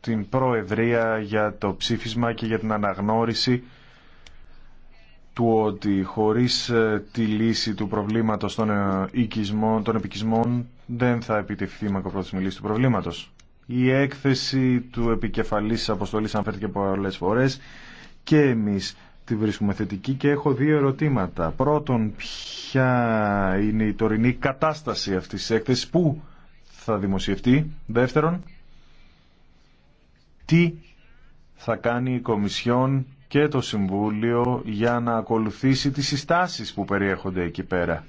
την Προεδρία για το ψήφισμα και για την αναγνώριση του ότι χωρίς ε, τη λύση του προβλήματος των, ε, οικισμών, των επικισμών δεν θα επιτευχθεί η μακροπρόθεσμη λύση του προβλήματος. Η έκθεση του επικεφαλής αποστολής αναφέρθηκε πολλές φορές και εμείς τη βρίσκουμε θετική και έχω δύο ερωτήματα. Πρώτον, ποια είναι η τωρινή κατάσταση αυτής της έκθεσης, πού θα δημοσιευτεί. Δεύτερον, τι θα κάνει η Κομισιόν και το Συμβούλιο για να ακολουθήσει τις συστάσεις που περιέχονται εκεί πέρα.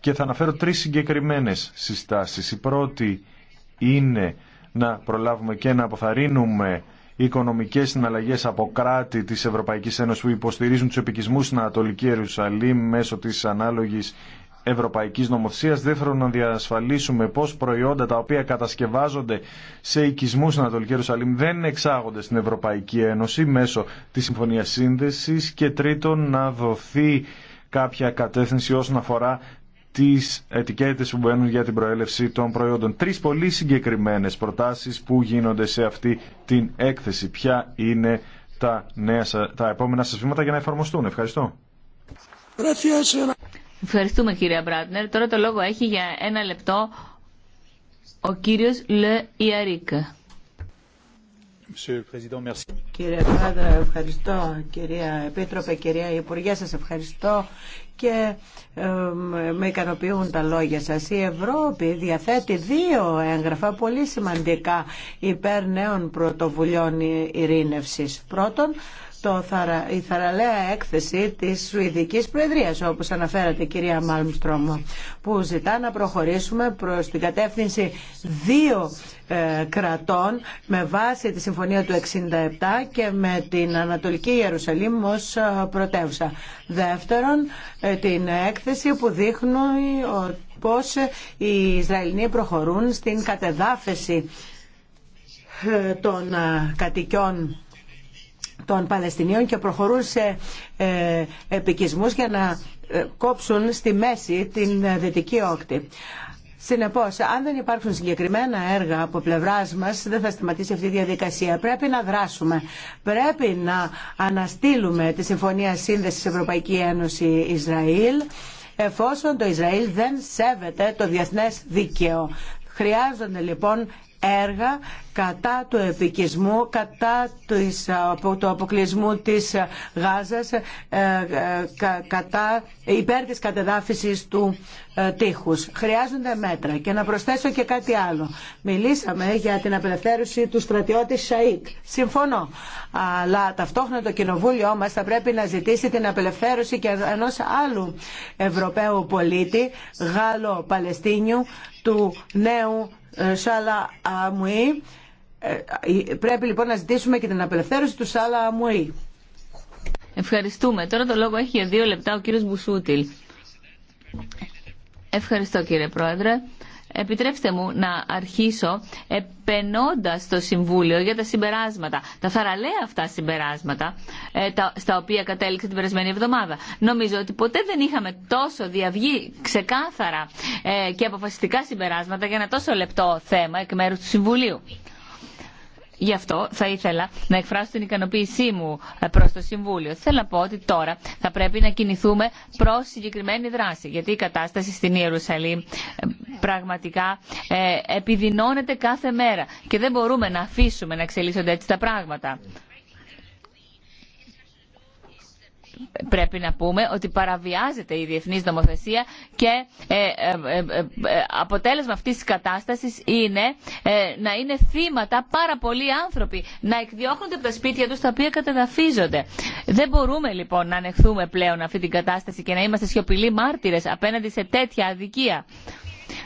Και θα αναφέρω τρεις συγκεκριμένες συστάσεις. Η πρώτη είναι να προλάβουμε και να αποθαρρύνουμε οικονομικές συναλλαγές από κράτη της Ευρωπαϊκής Ένωσης που υποστηρίζουν τους επικισμούς στην Ανατολική Ιερουσαλήμ μέσω της ανάλογης ευρωπαϊκής νομοθεσίας. Δεύτερον, να διασφαλίσουμε πω προϊόντα τα οποία κατασκευάζονται σε οικισμού στην Ανατολική Ιερουσαλήμ δεν εξάγονται στην Ευρωπαϊκή Ένωση μέσω τη Συμφωνία Σύνδεση Και τρίτον, να δοθεί κάποια κατεύθυνση όσον αφορά τι ετικέτε που μπαίνουν για την προέλευση των προϊόντων. Τρει πολύ συγκεκριμένε προτάσει που γίνονται σε αυτή την έκθεση. Ποια είναι τα, τα επόμενα σα βήματα για να εφαρμοστούν. Ευχαριστώ. Ευχαριστούμε κυρία Μπράτνερ. Τώρα το λόγο έχει για ένα λεπτό ο κύριος Λε Ιαρίκ. Κύριε Πρόεδρε, ευχαριστώ. Κυρία Επίτροπε, κυρία Υπουργέ, σας ευχαριστώ και με ικανοποιούν τα λόγια σας. Η Ευρώπη διαθέτει δύο έγγραφα πολύ σημαντικά υπέρ νέων πρωτοβουλειών ειρήνευσης. Πρώτον, το, η θαραλέα έκθεση της Σουηδικής Προεδρίας, όπως αναφέρατε κυρία Μάλμστρομ, που ζητά να προχωρήσουμε προς την κατεύθυνση δύο ε, κρατών με βάση τη Συμφωνία του 67 και με την Ανατολική Ιερουσαλήμ ως ε, πρωτεύουσα. Δεύτερον, ε, την έκθεση που δείχνει πώς οι Ισραηλοί προχωρούν στην κατεδάφεση των κατοικιών των Παλαιστινίων και προχωρούν σε ε, επικισμούς για να ε, κόψουν στη μέση την δυτική Όκτη. Συνεπώ, αν δεν υπάρχουν συγκεκριμένα έργα από πλευρά μα, δεν θα σταματήσει αυτή η διαδικασία. Πρέπει να δράσουμε. Πρέπει να αναστείλουμε τη Συμφωνία συνδεσης Ευρωπαϊκή Ένωση Ισραήλ, εφόσον το Ισραήλ δεν σέβεται το διεθνέ δίκαιο. Χρειάζονται λοιπόν έργα κατά του επικισμού, κατά του αποκλεισμού της Γάζας, ε, ε, κατά, υπέρ της κατεδάφισης του ε, τείχους. Χρειάζονται μέτρα. Και να προσθέσω και κάτι άλλο. Μιλήσαμε για την απελευθέρωση του στρατιώτη Σαΐκ. Συμφωνώ. Αλλά ταυτόχρονα το κοινοβούλιο μας θα πρέπει να ζητήσει την απελευθέρωση και ενός άλλου Ευρωπαίου πολίτη, Γάλλο-Παλαιστίνιου, του νέου Σάλα Αμουή. Ε, ε, πρέπει λοιπόν να ζητήσουμε και την απελευθέρωση του Σάλα Αμουή. Ευχαριστούμε. Τώρα το λόγο έχει για δύο λεπτά ο κύριος Μπουσούτιλ. Ευχαριστώ κύριε Πρόεδρε. Επιτρέψτε μου να αρχίσω επενώντας το Συμβούλιο για τα συμπεράσματα, τα θαραλέα αυτά συμπεράσματα, ε, στα οποία κατέληξε την περασμένη εβδομάδα. Νομίζω ότι ποτέ δεν είχαμε τόσο διαυγή ξεκάθαρα ε, και αποφασιστικά συμπεράσματα για ένα τόσο λεπτό θέμα εκ μέρους του Συμβουλίου. Γι' αυτό θα ήθελα να εκφράσω την ικανοποίησή μου ε, προ το Συμβούλιο. Θέλω να πω ότι τώρα θα πρέπει να κινηθούμε προ συγκεκριμένη δράση. Γιατί η κατάσταση στην Ιερουσαλήμ ε, πραγματικά ε, επιδεινώνεται κάθε μέρα και δεν μπορούμε να αφήσουμε να εξελίσσονται έτσι τα πράγματα. πρέπει να πούμε ότι παραβιάζεται η διεθνής νομοθεσία και ε, ε, ε, αποτέλεσμα αυτής της κατάστασης είναι να είναι θύματα πάρα πολλοί άνθρωποι, να εκδιώχνονται από τα σπίτια τους τα οποία καταδαφίζονται. Δεν μπορούμε λοιπόν να ανεχθούμε πλέον αυτή την κατάσταση και να είμαστε σιωπηλοί μάρτυρες απέναντι σε τέτοια αδικία.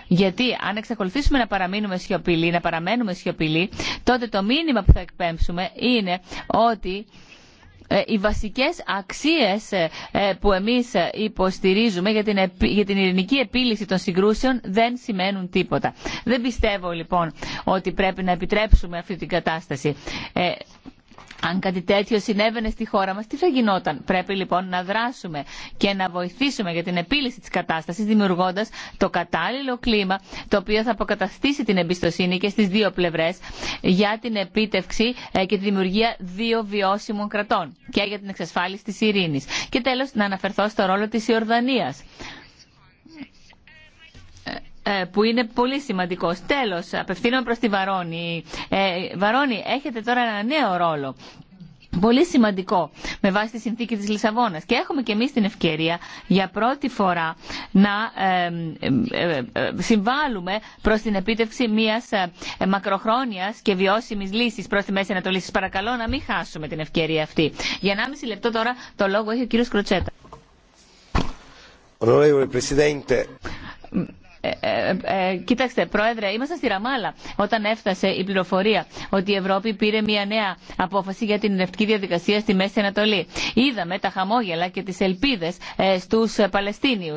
Γιατί αν εξακολουθήσουμε να παραμείνουμε σιωπηλοί, να παραμένουμε σιωπηλοί, τότε το μήνυμα που θα εκπέμψουμε είναι ότι ε, οι βασικές αξίες ε, ε, που εμείς υποστηρίζουμε για την, για την ειρηνική επίλυση των συγκρούσεων δεν σημαίνουν τίποτα. Δεν πιστεύω λοιπόν ότι πρέπει να επιτρέψουμε αυτή την κατάσταση. Αν κάτι τέτοιο συνέβαινε στη χώρα μας, τι θα γινόταν. Πρέπει λοιπόν να δράσουμε και να βοηθήσουμε για την επίλυση της κατάστασης, δημιουργώντας το κατάλληλο κλίμα, το οποίο θα αποκαταστήσει την εμπιστοσύνη και στις δύο πλευρές για την επίτευξη ε, και τη δημιουργία δύο βιώσιμων κρατών και για την εξασφάλιση της ειρήνης. Και τέλος, να αναφερθώ στο ρόλο της Ιορδανίας. Ε, που είναι πολύ σημαντικό Τέλο, απευθύνομαι προς τη Βαρόνη. Ε, Βαρόνη, έχετε τώρα ένα νέο ρόλο. Πολύ σημαντικό με βάση τη συνθήκη της Λισαβόνας. Και έχουμε και εμείς την ευκαιρία για πρώτη φορά να ε, ε, συμβάλλουμε προς την επίτευξη μιας μακροχρόνιας και βιώσιμης λύσης προς τη Μέση Ανατολή. Σας παρακαλώ να μην χάσουμε την ευκαιρία αυτή. Για 1,5 λεπτό τώρα το λόγο έχει ο κύριος Κροτσέτα. Ε, ε, ε, κοιτάξτε, Πρόεδρε, ήμασταν στη Ραμάλα όταν έφτασε η πληροφορία ότι η Ευρώπη πήρε μια νέα απόφαση για την ενευτική διαδικασία στη Μέση Ανατολή. Είδαμε τα χαμόγελα και τι ελπίδε στου Παλαιστίνιου.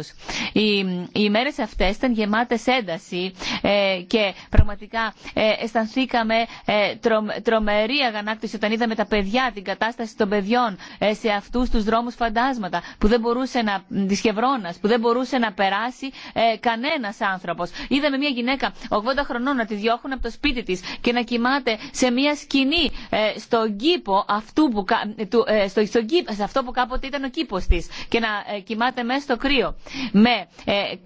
Οι μέρε αυτέ ήταν γεμάτε ένταση και πραγματικά αισθανθήκαμε τρομερή αγανάκτηση όταν είδαμε τα παιδιά, την κατάσταση των παιδιών σε αυτού του δρόμου φαντάσματα που δεν μπορούσε να, τη που δεν μπορούσε να περάσει κανένα άνθρωπο. Είδαμε μια γυναίκα 80 χρονών να τη διώχουν από το σπίτι τη και να κοιμάται σε μια σκηνή ε, στον κήπο αυτού που, ε, στο, σε αυτό που κάποτε ήταν ο κήπο τη και να ε, κοιμάται μέσα στο κρύο. Με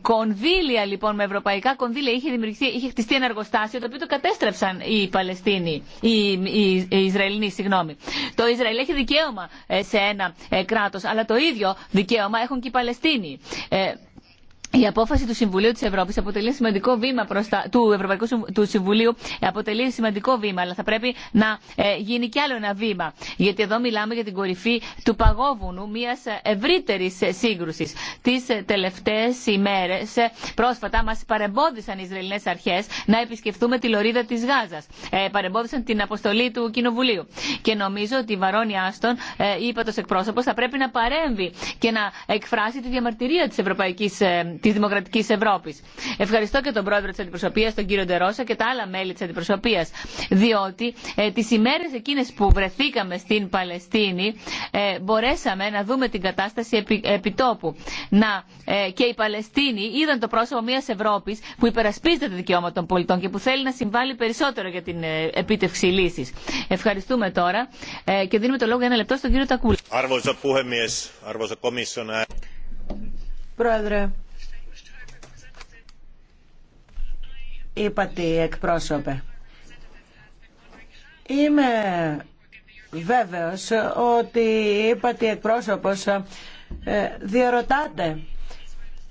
κονδύλια λοιπόν, με ευρωπαϊκά κονδύλια είχε, δημιουργηθεί, είχε χτιστεί ένα εργοστάσιο το οποίο το κατέστρεψαν οι Παλαιστίνοι, οι, οι, οι Ισραηλοί, συγγνώμη. Το Ισραήλ έχει δικαίωμα σε ένα κράτο, αλλά το ίδιο δικαίωμα έχουν και οι Παλαιστίνοι. Η απόφαση του Συμβουλίου της Ευρώπης αποτελεί σημαντικό βήμα προς τα, του Ευρωπαϊκού του Συμβουλίου αποτελεί σημαντικό βήμα, αλλά θα πρέπει να ε, γίνει κι άλλο ένα βήμα. Γιατί εδώ μιλάμε για την κορυφή του παγόβουνου μιας ευρύτερης σύγκρουσης. Τις ε, τελευταίες ημέρες ε, πρόσφατα μας παρεμπόδισαν οι Ισραηλινές αρχές να επισκεφθούμε τη λωρίδα της Γάζας. Ε, παρεμπόδισαν την αποστολή του Κοινοβουλίου. Και νομίζω ότι η Βαρόνι Άστον, ε, είπα εκπρόσωπος, θα πρέπει να παρέμβει και να εκφράσει τη διαμαρτυρία της Ευρωπαϊκής ε, της Δημοκρατικής Ευρώπης. Ευχαριστώ και τον πρόεδρο της Αντιπροσωπείας, τον κύριο Ντερόσα και τα άλλα μέλη της Αντιπροσωπείας, διότι ε, τις ημέρες εκείνες που βρεθήκαμε στην Παλαιστίνη ε, μπορέσαμε να δούμε την κατάσταση επι, επιτόπου. Να, ε, και οι Παλαιστίνοι είδαν το πρόσωπο μιας Ευρώπης που υπερασπίζεται τα δικαιώματα των πολιτών και που θέλει να συμβάλλει περισσότερο για την ε, επίτευξη λύσης. Ευχαριστούμε τώρα ε, και δίνουμε το λόγο για ένα λεπτό στον κύριο Τακούλη. Πρόεδρε, είπατε εκπρόσωπε. Είμαι βέβαιος ότι είπατε εκπρόσωπος ε, διαρωτάτε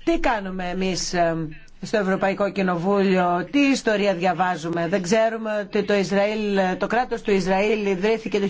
τι κάνουμε εμείς ε, στο Ευρωπαϊκό Κοινοβούλιο. Τι ιστορία διαβάζουμε. Δεν ξέρουμε ότι το, Ισραήλ, το κράτος του Ισραήλ ιδρύθηκε το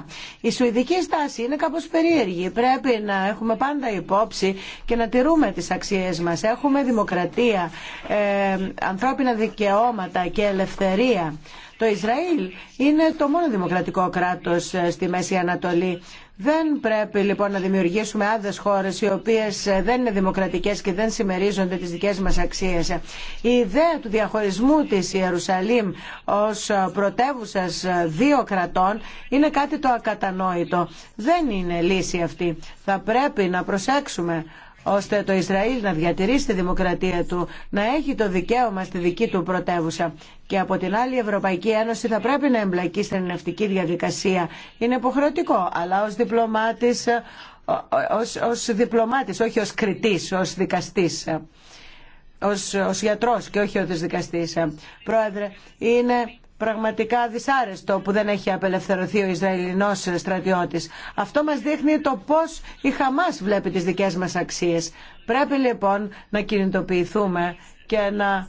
1947. Η σουηδική στάση είναι κάπως περίεργη. Πρέπει να έχουμε πάντα υπόψη και να τηρούμε τις αξίες μας. Έχουμε δημοκρατία, ε, ανθρώπινα δικαιώματα και ελευθερία. Το Ισραήλ είναι το μόνο δημοκρατικό κράτος ε, στη Μέση Ανατολή δεν πρέπει λοιπόν να δημιουργήσουμε άλλε χώρε οι οποίε ε, δεν είναι δημοκρατικέ και δεν συμμερίζονται τι δικέ μα αξίε. Η ιδέα του διαχωρισμού τη Ιερουσαλήμ ω πρωτεύουσα ε, δύο κρατών είναι κάτι το ακατανόητο. Δεν είναι λύση αυτή. Θα πρέπει να προσέξουμε ώστε το Ισραήλ να διατηρήσει τη δημοκρατία του, να έχει το δικαίωμα στη δική του πρωτεύουσα. Και από την άλλη η Ευρωπαϊκή Ένωση θα πρέπει να εμπλακεί στην ενευτική διαδικασία. Είναι υποχρεωτικό, αλλά ως διπλωμάτης, ως, ως διπλωμάτης όχι ως κριτής, ως δικαστής ως, ως γιατρός και όχι ως δικαστής. Πρόεδρε, είναι πραγματικά δυσάρεστο που δεν έχει απελευθερωθεί ο Ισραηλινός στρατιώτης. Αυτό μας δείχνει το πώς η Χαμάς βλέπει τις δικές μας αξίες. Πρέπει λοιπόν να κινητοποιηθούμε και να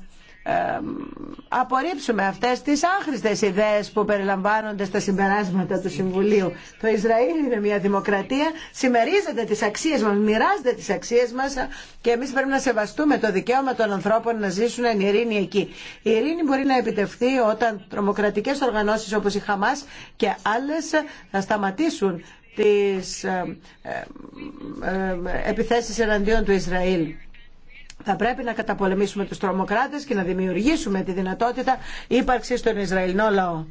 απορρίψουμε αυτές τις άχρηστες ιδέες που περιλαμβάνονται στα συμπεράσματα του Συμβουλίου. Το Ισραήλ είναι μια δημοκρατία, συμμερίζεται τις αξίες μας, μοιράζεται τις αξίες μας και εμείς πρέπει να σεβαστούμε το δικαίωμα των ανθρώπων να ζήσουν εν ειρήνη εκεί. Η ειρήνη μπορεί να επιτευχθεί όταν τρομοκρατικές οργανώσεις όπως η Χαμάς και άλλες θα σταματήσουν τις επιθέσεις εναντίον του Ισραήλ. Θα πρέπει να καταπολεμήσουμε τους τρομοκράτες και να δημιουργήσουμε τη δυνατότητα ύπαρξης στον Ισραηλινό λαό.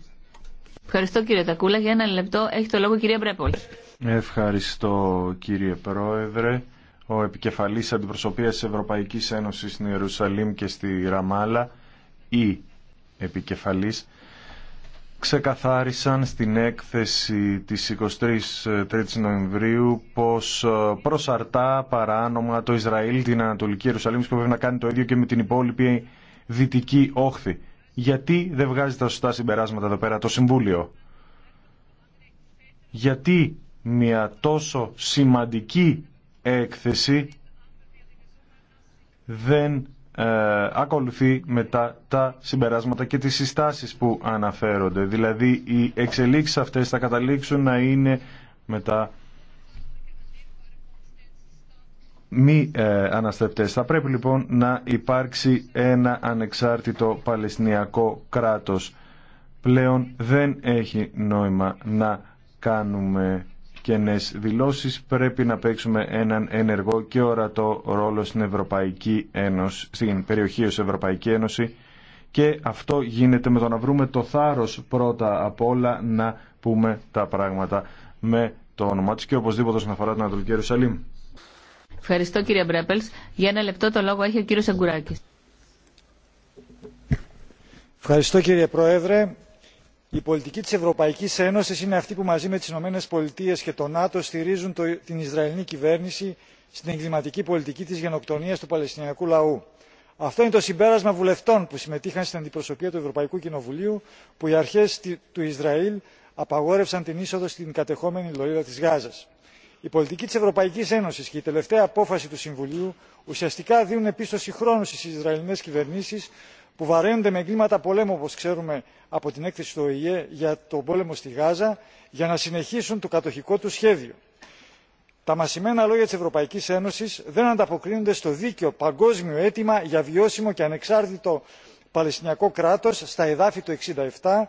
Ευχαριστώ κύριε Τακούλα. Για ένα λεπτό έχει το λόγο κυρία Μπρέπολ. Ευχαριστώ κύριε Πρόεδρε. Ο επικεφαλής αντιπροσωπείας της Ευρωπαϊκής Ένωσης στην Ιερουσαλήμ και στη Ραμάλα ή επικεφαλής ξεκαθάρισαν στην έκθεση της 23 Νοεμβρίου πως ε, προσαρτά παράνομα το Ισραήλ την Ανατολική Ιερουσαλήμ που πρέπει να κάνει το ίδιο και με την υπόλοιπη δυτική όχθη. Γιατί δεν βγάζει τα σωστά συμπεράσματα εδώ πέρα το Συμβούλιο. Γιατί μια τόσο σημαντική έκθεση δεν ε, ακολουθεί μετά τα συμπεράσματα και τις συστάσεις που αναφέρονται. Δηλαδή οι εξελίξεις αυτές θα καταλήξουν να είναι μετά μη ε, Θα πρέπει λοιπόν να υπάρξει ένα ανεξάρτητο Παλαιστινιακό κράτος. Πλέον δεν έχει νόημα να κάνουμε κενές δηλώσεις πρέπει να παίξουμε έναν ενεργό και ορατό ρόλο στην Ευρωπαϊκή Ένωση, στην περιοχή ως Ευρωπαϊκή Ένωση και αυτό γίνεται με το να βρούμε το θάρρος πρώτα απ' όλα να πούμε τα πράγματα με το όνομά της και οπωσδήποτε όσον αφορά την Ανατολική Ιερουσαλήμ. Ευχαριστώ κύριε Μπρέπελς. Για ένα λεπτό το λόγο έχει ο κύριος Αγκουράκης. Ευχαριστώ κύριε Πρόεδρε η πολιτική της ευρωπαϊκής ένωσης είναι αυτή που μαζί με τις ηνωμένες πολιτείες και το νατο στηρίζουν την ισραηλινή κυβέρνηση στην εγκληματική πολιτική της γενοκτονίας του παλαιστινιακού λαού. αυτό είναι το συμπέρασμα βουλευτών που συμμετείχαν στην αντιπροσωπεία του ευρωπαϊκού κοινοβουλίου που οι αρχές του ισραήλ απαγόρευσαν την είσοδο στην κατεχόμενη λωρίδα της γάζας. η πολιτική της ευρωπαϊκής ένωσης και η τελευταία απόφαση του συμβουλίου ουσιαστικά δίνουν χρόνου στις ισραηλινές κυβερνήσεις που βαραίνονται με εγκλήματα πολέμου όπως ξέρουμε από την έκθεση του οηε για τον πόλεμο στη γάζα για να συνεχίσουν το κατοχικό του σχέδιο. τα μασημένα λόγια της ευρωπαϊκής ένωσης δεν ανταποκρίνονται στο δίκαιο παγκόσμιο αίτημα για βιώσιμο και ανεξάρτητο παλαιστινιακό κράτος στα εδάφη του 1967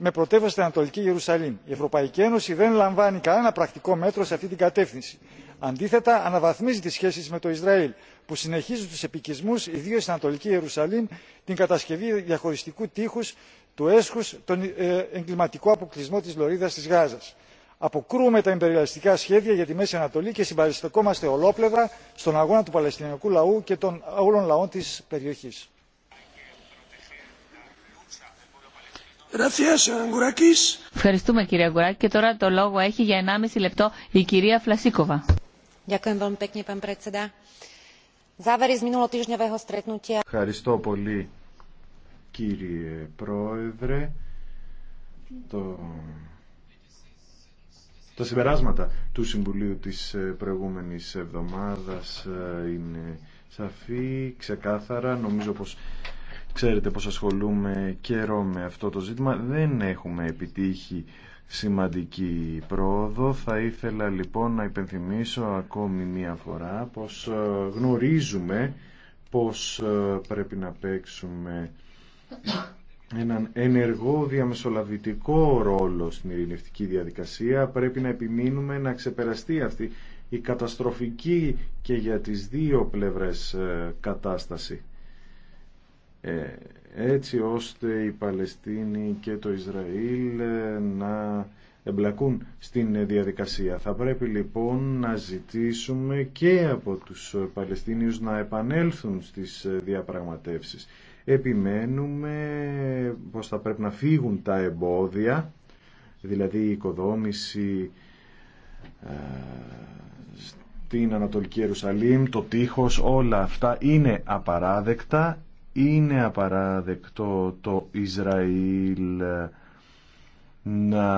με πρωτεύουσα στην Ανατολική Ιερουσαλήμ. Η Ευρωπαϊκή Ένωση δεν λαμβάνει κανένα πρακτικό μέτρο σε αυτή την κατεύθυνση. Αντίθετα, αναβαθμίζει τι σχέσει με το Ισραήλ, που συνεχίζουν τους επικισμούς ιδίως στην Ανατολική Ιερουσαλήμ την κατασκευή διαχωριστικού τείχους του έσχους τον ε, εγκληματικό αποκλεισμό της λωρίδας της Γάζας. Αποκρούμε τα εμπεριλαστικά σχέδια για τη Μέση Ανατολή και συμπαριστοκόμαστε ολόπλευρα στον αγώνα του Παλαιστινιακού λαού και των όλων λαών της περιοχής. Ευχαριστούμε κύριε Αγγουράκη. και τώρα το λόγο έχει για 1,5 λεπτό η κυρία Φλασίκοβα. Ευχαριστώ πολύ κύριε Πρόεδρε. Τα συμπεράσματα του Συμβουλίου της ε, προηγούμενης εβδομάδας ε, είναι σαφή, ξεκάθαρα. Νομίζω πως ξέρετε πως ασχολούμαι καιρό με αυτό το ζήτημα. Δεν έχουμε επιτύχει σημαντική πρόοδο. Θα ήθελα λοιπόν να υπενθυμίσω ακόμη μία φορά πως ε, γνωρίζουμε πως ε, πρέπει να παίξουμε έναν ενεργό διαμεσολαβητικό ρόλο στην ειρηνευτική διαδικασία. Πρέπει να επιμείνουμε να ξεπεραστεί αυτή η καταστροφική και για τις δύο πλευρές ε, κατάσταση έτσι ώστε οι Παλαιστίνοι και το Ισραήλ ε, να εμπλακούν στην ε, διαδικασία. Θα πρέπει λοιπόν να ζητήσουμε και από τους ε, Παλαιστίνιους να επανέλθουν στις διαπραγματεύσεις. Επιμένουμε πως θα πρέπει να φύγουν τα εμπόδια, δηλαδή η οικοδόμηση στην Ανατολική Ιερουσαλήμ, το τείχος, όλα αυτά είναι απαράδεκτα είναι απαράδεκτο το Ισραήλ να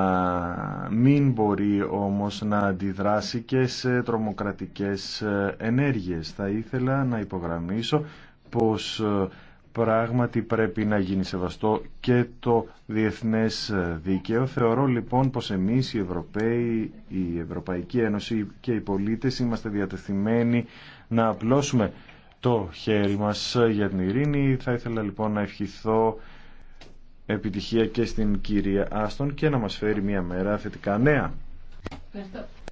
μην μπορεί όμως να αντιδράσει και σε τρομοκρατικές ενέργειες. Θα ήθελα να υπογραμμίσω πως ε, πράγματι πρέπει να γίνει σεβαστό και το διεθνές δίκαιο. Θεωρώ λοιπόν πως εμείς οι Ευρωπαίοι, η Ευρωπαϊκή Ένωση και οι πολίτες είμαστε διατεθειμένοι να απλώσουμε το χέρι μας για την ειρήνη. Θα ήθελα λοιπόν να ευχηθώ επιτυχία και στην κυρία Άστον και να μας φέρει μια μέρα θετικά νέα.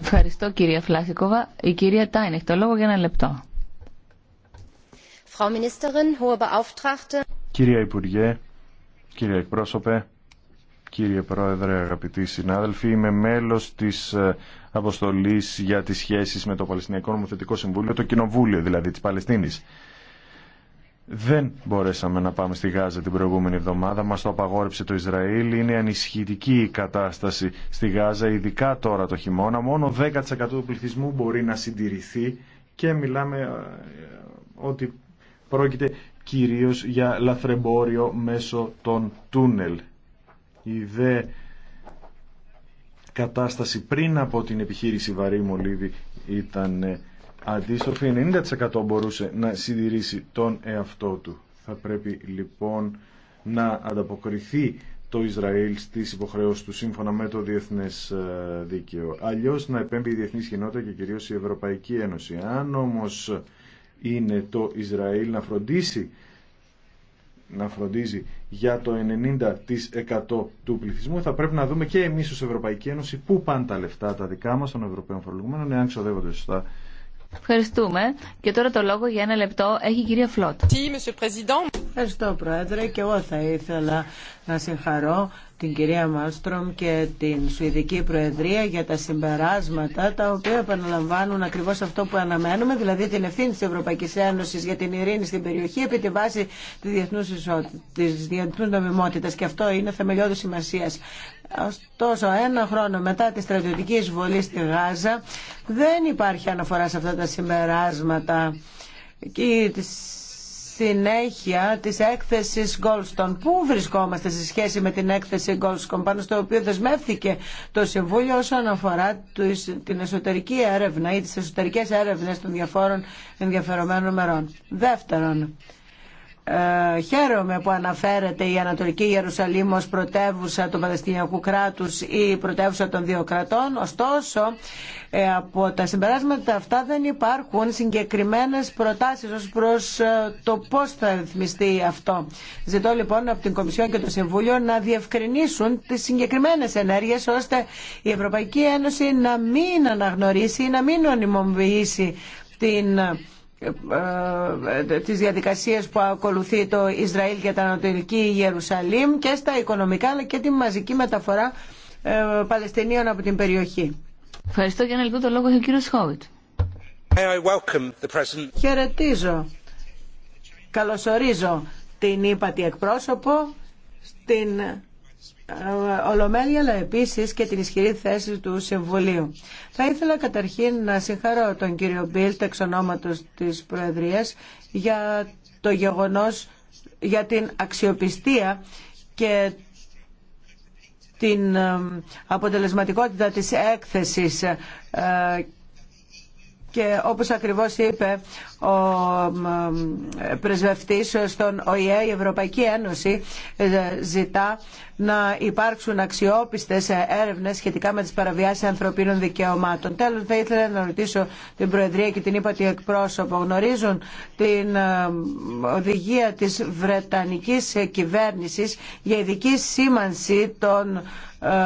Ευχαριστώ, κυρία Φλάσικοβα. Η κυρία Τάιν έχει το λόγο για ένα λεπτό. Κυρία Υπουργέ, κυρία εκπρόσωπε, Κύριε Πρόεδρε, αγαπητοί συνάδελφοι, είμαι μέλος της ε, αποστολής για τις σχέσεις με το Παλαιστινιακό Νομοθετικό Συμβούλιο, το Κοινοβούλιο δηλαδή της Παλαιστίνης. Δεν μπορέσαμε να πάμε στη Γάζα την προηγούμενη εβδομάδα, μας το απαγόρεψε το Ισραήλ, είναι ανισχυτική η κατάσταση στη Γάζα, ειδικά τώρα το χειμώνα, μόνο 10% του πληθυσμού μπορεί να συντηρηθεί και μιλάμε ε, ε, ότι πρόκειται κυρίως για λαθρεμπόριο μέσω των τούνελ η δε κατάσταση πριν από την επιχείρηση Βαρύ Μολύβη ήταν ε, αντίστροφη. 90% μπορούσε να συντηρήσει τον εαυτό του. Θα πρέπει λοιπόν να ανταποκριθεί το Ισραήλ στις υποχρεώσεις του σύμφωνα με το διεθνές ε, δίκαιο. Αλλιώς να επέμπει η Διεθνή κοινότητα και κυρίως η Ευρωπαϊκή Ένωση. Αν όμως είναι το Ισραήλ να φροντίσει να φροντίζει για το 90% του πληθυσμού, θα πρέπει να δούμε και εμεί ω Ευρωπαϊκή Ένωση πού πάνε τα λεφτά τα δικά μα των Ευρωπαίων φορολογουμένων, εάν ξοδεύονται σωστά. Ευχαριστούμε. Και τώρα το λόγο για ένα λεπτό έχει η κυρία Φλότ. Ευχαριστώ Πρόεδρε και εγώ θα ήθελα να συγχαρώ την κυρία μάστρομ και την Σουηδική Προεδρία για τα συμπεράσματα τα οποία επαναλαμβάνουν ακριβώς αυτό που αναμένουμε, δηλαδή την ευθύνη της Ευρωπαϊκής Ένωσης για την ειρήνη στην περιοχή επί τη βάση της διεθνούς, της διεθνούς και αυτό είναι θεμελιώδη σημασίας. Ωστόσο, ένα χρόνο μετά τη στρατιωτική εισβολή στη Γάζα δεν υπάρχει αναφορά σε αυτά τα συμπεράσματα και συνέχεια της έκθεσης Goldstone. Πού βρισκόμαστε σε σχέση με την έκθεση Goldstone πάνω στο οποίο δεσμεύθηκε το Συμβούλιο όσον αφορά την εσωτερική έρευνα ή τις εσωτερικές έρευνες των διαφόρων ενδιαφερομένων μερών. Δεύτερον, ε, χαίρομαι που αναφέρεται η Ανατολική Ιερουσαλήμ ως πρωτεύουσα του Παλαιστινιακού κράτους ή πρωτεύουσα των δύο κρατών. Ωστόσο, ε, από τα συμπεράσματα αυτά δεν υπάρχουν συγκεκριμένες προτάσεις ως προς ε, το πώς θα ρυθμιστεί αυτό. Ζητώ λοιπόν από την Κομισιόν και το Συμβούλιο να διευκρινίσουν τις συγκεκριμένες ενέργειες ώστε η Ευρωπαϊκή Ένωση να μην αναγνωρίσει ή να μην ονειμοποιήσει την ε, ε, τις διαδικασίες που ακολουθεί το Ισραήλ και τα Ανατολική Ιερουσαλήμ και στα οικονομικά αλλά και τη μαζική μεταφορά ε, Παλαιστινίων από την περιοχή. Ευχαριστώ για να λεπτό το λόγο ο κύριος Χόβιτ. Χαιρετίζω, καλωσορίζω την ύπατη εκπρόσωπο στην ε, ολομέλεια αλλά επίσης και την ισχυρή θέση του Συμβουλίου. Θα ήθελα καταρχήν να συγχαρώ τον κύριο Μπίλτ εξ της Προεδρίας για το γεγονός για την αξιοπιστία και την ε, αποτελεσματικότητα της έκθεσης ε, και όπως ακριβώς είπε ο ε, πρεσβευτής στον ΟΗΕ η Ευρωπαϊκή Ένωση ε, ζητά να υπάρξουν αξιόπιστες έρευνες σχετικά με τις παραβιάσεις ανθρωπίνων δικαιωμάτων. Τέλος θα ήθελα να ρωτήσω την Προεδρία και την είπα ότι εκπρόσωπο γνωρίζουν την ε, οδηγία της Βρετανικής κυβέρνησης για ειδική σήμανση των,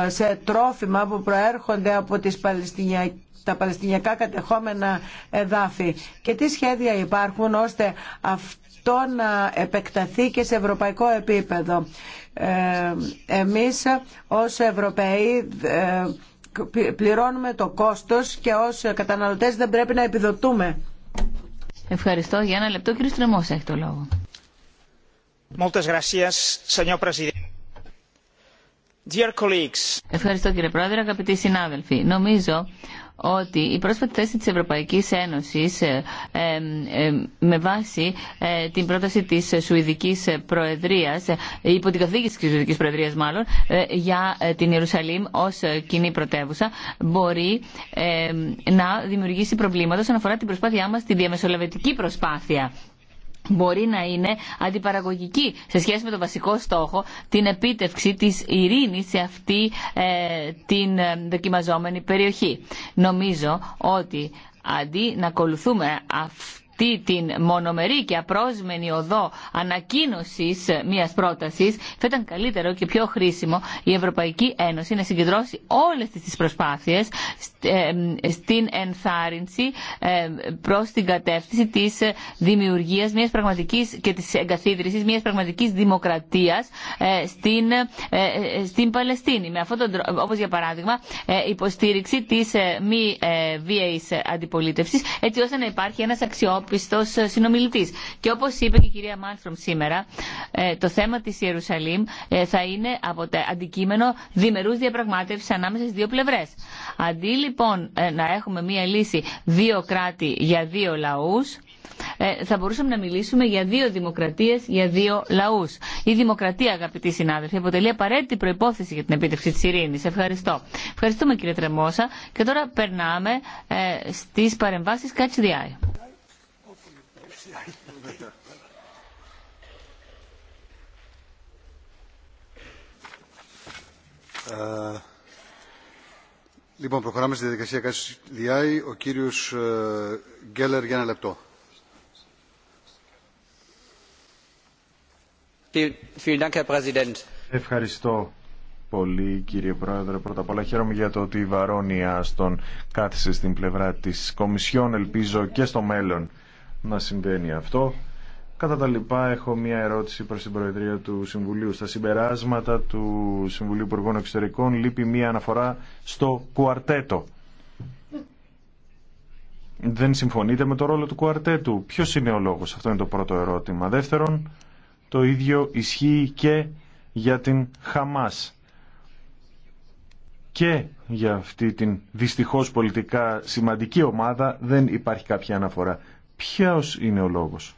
σε τρόφιμα που προέρχονται από τις Παλαιστινιακές τα παλαιστινιακά κατεχόμενα εδάφη και τι σχέδια υπάρχουν ώστε αυτό να επεκταθεί και σε ευρωπαϊκό επίπεδο. Ε, εμείς ως Ευρωπαίοι ε, πληρώνουμε το κόστος και ως καταναλωτές δεν πρέπει να επιδοτούμε. Ευχαριστώ. Για ένα λεπτό κύριε Στρεμός έχει το λόγο. Ευχαριστώ κύριε Πρόεδρε, αγαπητοί συνάδελφοι. Νομίζω ότι η πρόσφατη θέση της Ευρωπαϊκής Ένωσης ε, με βάση ε, την πρόταση της Σουηδικής Προεδρίας, ε, υπό την καθήκηση της Σουηδικής Προεδρίας μάλλον, για την Ιερουσαλήμ ως κοινή πρωτεύουσα, μπορεί να δημιουργήσει προβλήματα όσον αφορά την προσπάθειά μας, τη διαμεσολαβητική προσπάθεια μπορεί να είναι αντιπαραγωγική σε σχέση με το βασικό στόχο, την επίτευξη της ειρήνης σε αυτή ε, την ε, δοκιμαζόμενη περιοχή. Νομίζω ότι αντί να ακολουθούμε αυτή αυτή την μονομερή και απρόσμενη οδό ανακοίνωση μιας πρότασης, θα ήταν καλύτερο και πιο χρήσιμο η Ευρωπαϊκή Ένωση να συγκεντρώσει όλες τις προσπάθειες ε, στην ενθάρρυνση ε, προς την κατεύθυνση της δημιουργία μιας πραγματικής και της εγκαθίδρυσης μιας πραγματικής δημοκρατίας ε, στην, στην Παλαιστίνη. Με αυτόν τον τρόπο, όπως για παράδειγμα υποστήριξη τη μη βίαιη αντιπολίτευση έτσι ώστε να υπάρχει ένα αξιόπιστο πιστό ε, συνομιλητή. Και όπω είπε και η κυρία Μάλστρομ σήμερα, ε, το θέμα τη Ιερουσαλήμ ε, θα είναι από τα αντικείμενο διμερού διαπραγμάτευση ανάμεσα στι δύο πλευρέ. Αντί λοιπόν να έχουμε μία λύση δύο κράτη για δύο λαούς, θα μπορούσαμε να μιλήσουμε για δύο δημοκρατίε, για δύο λαού. Η δημοκρατία, αγαπητοί συνάδελφοι, αποτελεί απαραίτητη προπόθεση για την επίτευξη τη ειρήνη. Ευχαριστώ. Ευχαριστούμε κύριε Τρεμόσα. Και τώρα περνάμε ε, στι παρεμβάσει Catch the Eye. Ε, λοιπόν, προχωράμε στη διαδικασία Κάσης διάει. Ο κύριος ε, Γκέλλερ για ένα λεπτό. Ευχαριστώ πολύ κύριε Πρόεδρε. Πρώτα απ' όλα χαίρομαι για το ότι η Βαρόνια στον κάθισε στην πλευρά της Κομισιόν. Ελπίζω και στο μέλλον να συμβαίνει αυτό. Κατά τα λοιπά, έχω μία ερώτηση προς την Προεδρία του Συμβουλίου. Στα συμπεράσματα του Συμβουλίου Υπουργών Εξωτερικών λείπει μία αναφορά στο κουαρτέτο. Δεν συμφωνείτε με το ρόλο του κουαρτέτου. Ποιος είναι ο λόγος, αυτό είναι το πρώτο ερώτημα. Δεύτερον, το ίδιο ισχύει και για την Χαμάς και για αυτή την δυστυχώς πολιτικά σημαντική ομάδα δεν υπάρχει κάποια αναφορά. Ποιος είναι ο λόγος.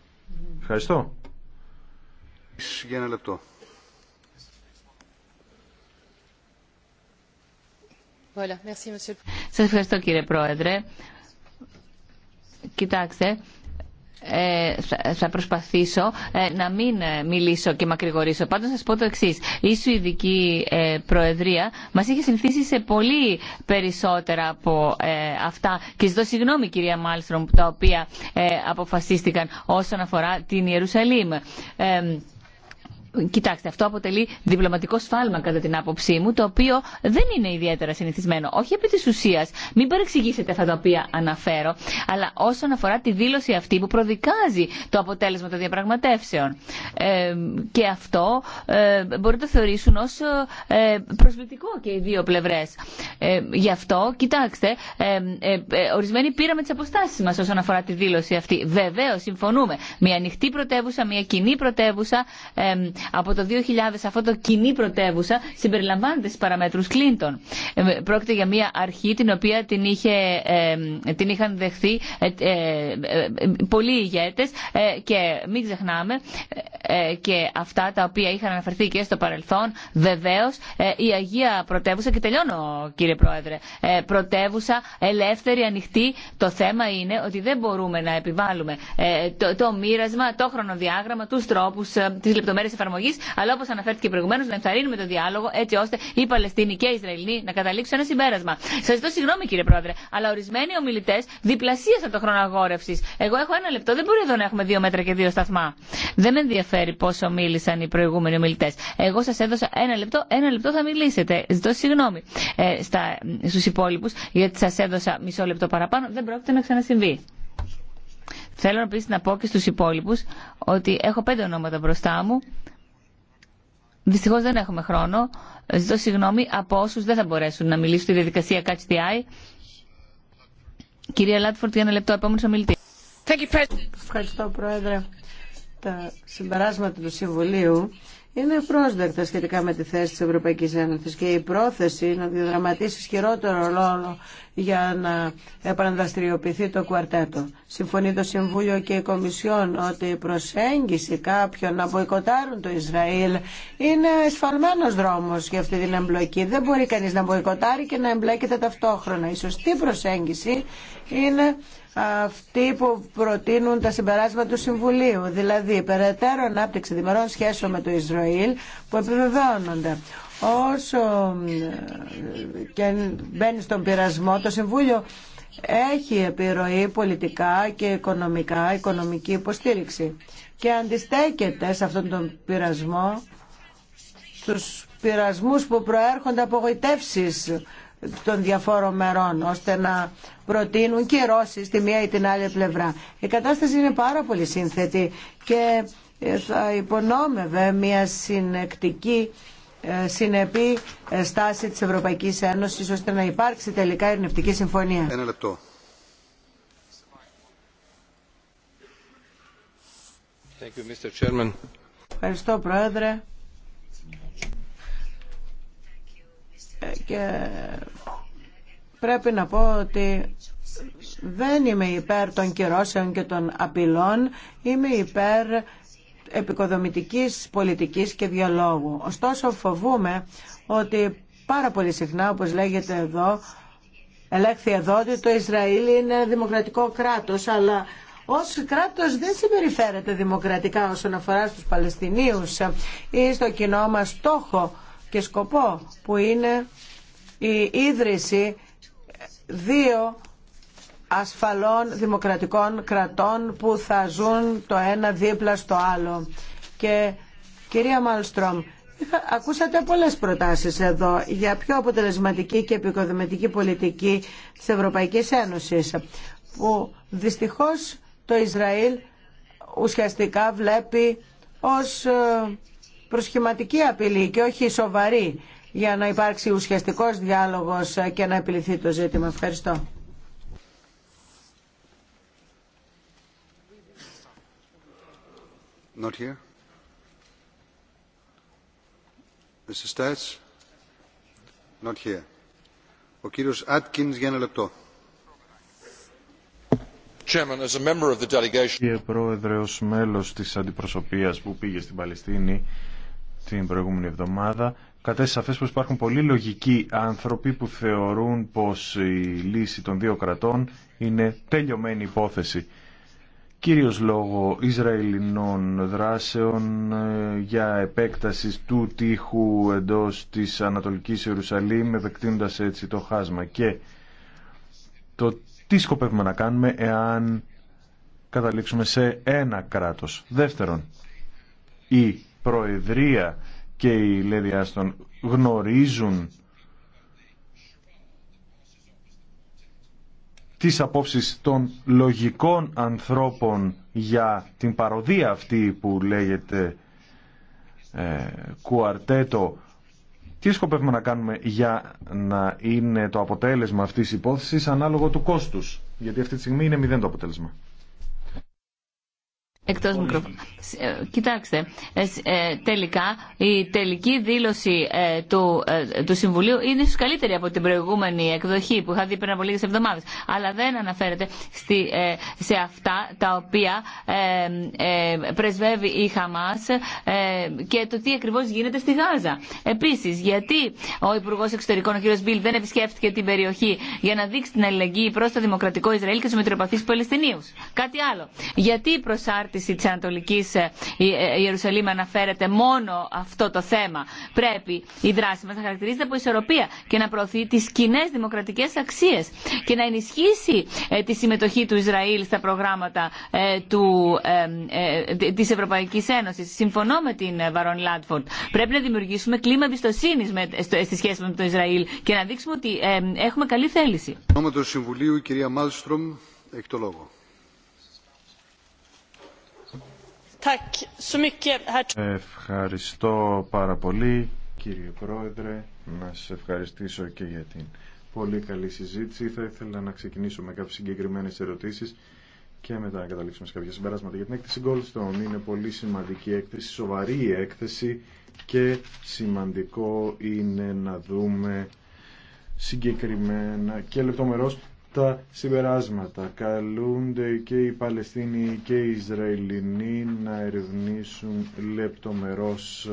Ευχαριστώ. Για ένα λεπτό. Σας ευχαριστώ κύριε Πρόεδρε. Κοιτάξτε, ε, θα προσπαθήσω ε, να μην ε, μιλήσω και μακρηγορήσω. Πάντως σας πω το εξή. Η Σουηδική Προεδρία μας είχε συνηθίσει σε πολύ περισσότερα από αυτά και ζητώ συγγνώμη κυρία Μάλστρομ τα οποία αποφασίστηκαν όσον αφορά την Ιερουσαλήμ. Κοιτάξτε, αυτό αποτελεί διπλωματικό σφάλμα κατά την άποψή μου, το οποίο δεν είναι ιδιαίτερα συνηθισμένο. Όχι επί τη ουσία. Μην παρεξηγήσετε αυτά τα οποία αναφέρω, αλλά όσον αφορά τη δήλωση αυτή που προδικάζει το αποτέλεσμα των διαπραγματεύσεων. Ε, και αυτό ε, μπορεί να το θεωρήσουν ω ε, προσβλητικό και οι δύο πλευρέ. Ε, γι' αυτό, κοιτάξτε, ε, ε, ε, ορισμένοι πήραμε τι αποστάσει μα όσον αφορά τη δήλωση αυτή. Βεβαίω, συμφωνούμε. Μια ανοιχτή πρωτεύουσα, μια κοινή πρωτεύουσα από το 2000 αυτό το κοινή πρωτεύουσα συμπεριλαμβάνεται στι παραμέτρου Κλίντον. Ε, πρόκειται για μια αρχή την οποία την, είχε, ε, την είχαν δεχθεί ε, πολλοί ηγέτε και μην ξεχνάμε και αυτά τα οποία είχαν αναφερθεί και στο παρελθόν. Βεβαίω η Αγία Πρωτεύουσα, και τελειώνω κύριε Πρόεδρε, πρωτεύουσα ελεύθερη, ανοιχτή. Το θέμα είναι ότι δεν μπορούμε να επιβάλλουμε το, το μοίρασμα, το χρονοδιάγραμμα, του τρόπου, τι λεπτομέρειε εφαρμογή εφαρμογή, αλλά όπω αναφέρθηκε προηγουμένω, να ενθαρρύνουμε το διάλογο έτσι ώστε οι Παλαιστίνοι και οι Ισραηλοί να καταλήξουν ένα συμπέρασμα. Σα ζητώ συγγνώμη κύριε Πρόεδρε, αλλά ορισμένοι ομιλητέ διπλασίασαν το χρόνο αγόρευση. Εγώ έχω ένα λεπτό, δεν μπορεί εδώ να έχουμε δύο μέτρα και δύο σταθμά. Δεν με ενδιαφέρει πόσο μίλησαν οι προηγούμενοι ομιλητέ. Εγώ σα έδωσα ένα λεπτό, ένα λεπτό θα μιλήσετε. Ζητώ συγγνώμη ε, στου υπόλοιπου γιατί σα έδωσα μισό λεπτό παραπάνω. Δεν πρόκειται να ξανασυμβεί. Θέλω επίση να πω και στου υπόλοιπου ότι έχω πέντε ονόματα μπροστά μου Δυστυχώ δεν έχουμε χρόνο. Ζητώ συγγνώμη από όσου δεν θα μπορέσουν να μιλήσουν στη διαδικασία Catch the Eye. Κυρία Λάτφορντ, για ένα λεπτό, επόμενο ομιλητή. Ευχαριστώ, Πρόεδρε. Τα συμπεράσματα του Συμβουλίου είναι πρόσδεκτα σχετικά με τη θέση της Ευρωπαϊκής Ένωσης και η πρόθεση να διαδραματίσει ισχυρότερο ρόλο για να επαναδραστηριοποιηθεί το κουαρτέτο. Συμφωνεί το Συμβούλιο και η Κομισιόν ότι η προσέγγιση κάποιων να μποϊκοτάρουν το Ισραήλ είναι εσφαλμένος δρόμος για αυτή την εμπλοκή. Δεν μπορεί κανείς να μποϊκοτάρει και να εμπλέκεται ταυτόχρονα. Η σωστή προσέγγιση είναι αυτοί που προτείνουν τα συμπεράσματα του Συμβουλίου, δηλαδή περαιτέρω ανάπτυξη δημερών σχέσεων με το Ισραήλ που επιβεβαιώνονται. Όσο ε, και μπαίνει στον πειρασμό, το Συμβούλιο έχει επιρροή πολιτικά και οικονομικά, οικονομική υποστήριξη και αντιστέκεται σε αυτόν τον πειρασμό τους πειρασμούς που προέρχονται από των διαφόρων μερών ώστε να προτείνουν και Ρώσοι στη μία ή την άλλη πλευρά. Η κατάσταση είναι πάρα πολύ σύνθετη και ε, θα υπονόμευε μια συνεκτική ε, συνεπή ε, στάση της Ευρωπαϊκής Ένωσης ώστε να υπάρξει τελικά ειρηνευτική συμφωνία. Ένα λεπτό. Ευχαριστώ Πρόεδρε. και πρέπει να πω ότι δεν είμαι υπέρ των κυρώσεων και των απειλών, είμαι υπέρ επικοδομητικής πολιτικής και διαλόγου. Ωστόσο φοβούμε ότι πάρα πολύ συχνά, όπως λέγεται εδώ, ελέγχθη εδώ ότι το Ισραήλ είναι δημοκρατικό κράτος, αλλά ως κράτος δεν συμπεριφέρεται δημοκρατικά όσον αφορά στους Παλαιστινίους ή στο κοινό μας στόχο και σκοπό που είναι η ίδρυση δύο ασφαλών δημοκρατικών κρατών που θα ζουν το ένα δίπλα στο άλλο. Και κυρία Μάλστρομ, Ακούσατε πολλές προτάσεις εδώ για πιο αποτελεσματική και επικοδομητική πολιτική της Ευρωπαϊκής Ένωσης που δυστυχώς το Ισραήλ ουσιαστικά βλέπει ως ε, προσχηματική απειλή και όχι σοβαρή για να υπάρξει ουσιαστικός διάλογος και να επιληθεί το ζήτημα. Ευχαριστώ. Not here. Mr. Not here. Ο κύριος Άτκινς για ένα λεπτό. Κύριε Πρόεδρε, ως μέλος της αντιπροσωπείας που πήγε στην Παλαιστίνη, την προηγούμενη εβδομάδα κατέστησε σαφές πως υπάρχουν πολλοί λογικοί άνθρωποι που θεωρούν πως η λύση των δύο κρατών είναι τελειωμένη υπόθεση. Κύριος λόγω Ισραηλινών δράσεων ε, για επέκταση του τείχου εντός της Ανατολικής Ιερουσαλήμ επεκτείνοντας έτσι το χάσμα και το τι σκοπεύουμε να κάνουμε εάν καταλήξουμε σε ένα κράτος. Δεύτερον, η Προεδρία και οι Λέδη Άστον γνωρίζουν τις απόψεις των λογικών ανθρώπων για την παροδία αυτή που λέγεται ε, κουαρτέτο τι σκοπεύουμε να κάνουμε για να είναι το αποτέλεσμα αυτής της υπόθεσης ανάλογο του κόστους γιατί αυτή τη στιγμή είναι μηδέν το αποτέλεσμα Εκτός μικροφώνου. Ε, κοιτάξτε, ε, ε, τελικά η τελική δήλωση του, του Συμβουλίου είναι ίσως καλύτερη από την προηγούμενη εκδοχή που είχα δει πριν από λίγε εβδομάδε. Αλλά δεν αναφέρεται στη, σε αυτά τα οποία πρεσβεύει η Χαμάς και το τι ακριβώ γίνεται στη Γάζα. Επίση, γιατί ο υπουργό Εξωτερικών, ο κ. Μπίλ, δεν επισκέφτηκε την περιοχή για να δείξει την αλληλεγγύη προ το Δημοκρατικό Ισραήλ και του Μητροπαθείς Παλαιστινίου. Κάτι άλλο. Γιατί η Τη της Ανατολικής ε, ε, Ιερουσαλήμ αναφέρεται μόνο αυτό το θέμα. Πρέπει η δράση μας να χαρακτηρίζεται από ισορροπία και να προωθεί τις κοινέ δημοκρατικές αξίες και να ενισχύσει ε, τη συμμετοχή του Ισραήλ στα προγράμματα του, της Ευρωπαϊκής Ένωσης. Συμφωνώ με την Βαρόν Λάντφορντ. Πρέπει να δημιουργήσουμε κλίμα εμπιστοσύνη στη σχέση με το Ισραήλ και να δείξουμε ότι έχουμε καλή θέληση. του Συμβουλίου, κυρία Ευχαριστώ πάρα πολύ κύριε Πρόεδρε. Να σας ευχαριστήσω και για την πολύ καλή συζήτηση. Θα ήθελα να ξεκινήσω με κάποιες συγκεκριμένες ερωτήσεις και μετά να καταλήξουμε σε κάποια συμπεράσματα. Για την έκθεση Goldstone είναι πολύ σημαντική έκθεση, σοβαρή έκθεση και σημαντικό είναι να δούμε συγκεκριμένα και λεπτομερώς τα συμπεράσματα. Καλούνται και οι Παλαιστίνοι και οι Ισραηλινοί να ερευνήσουν λεπτομερώς ε,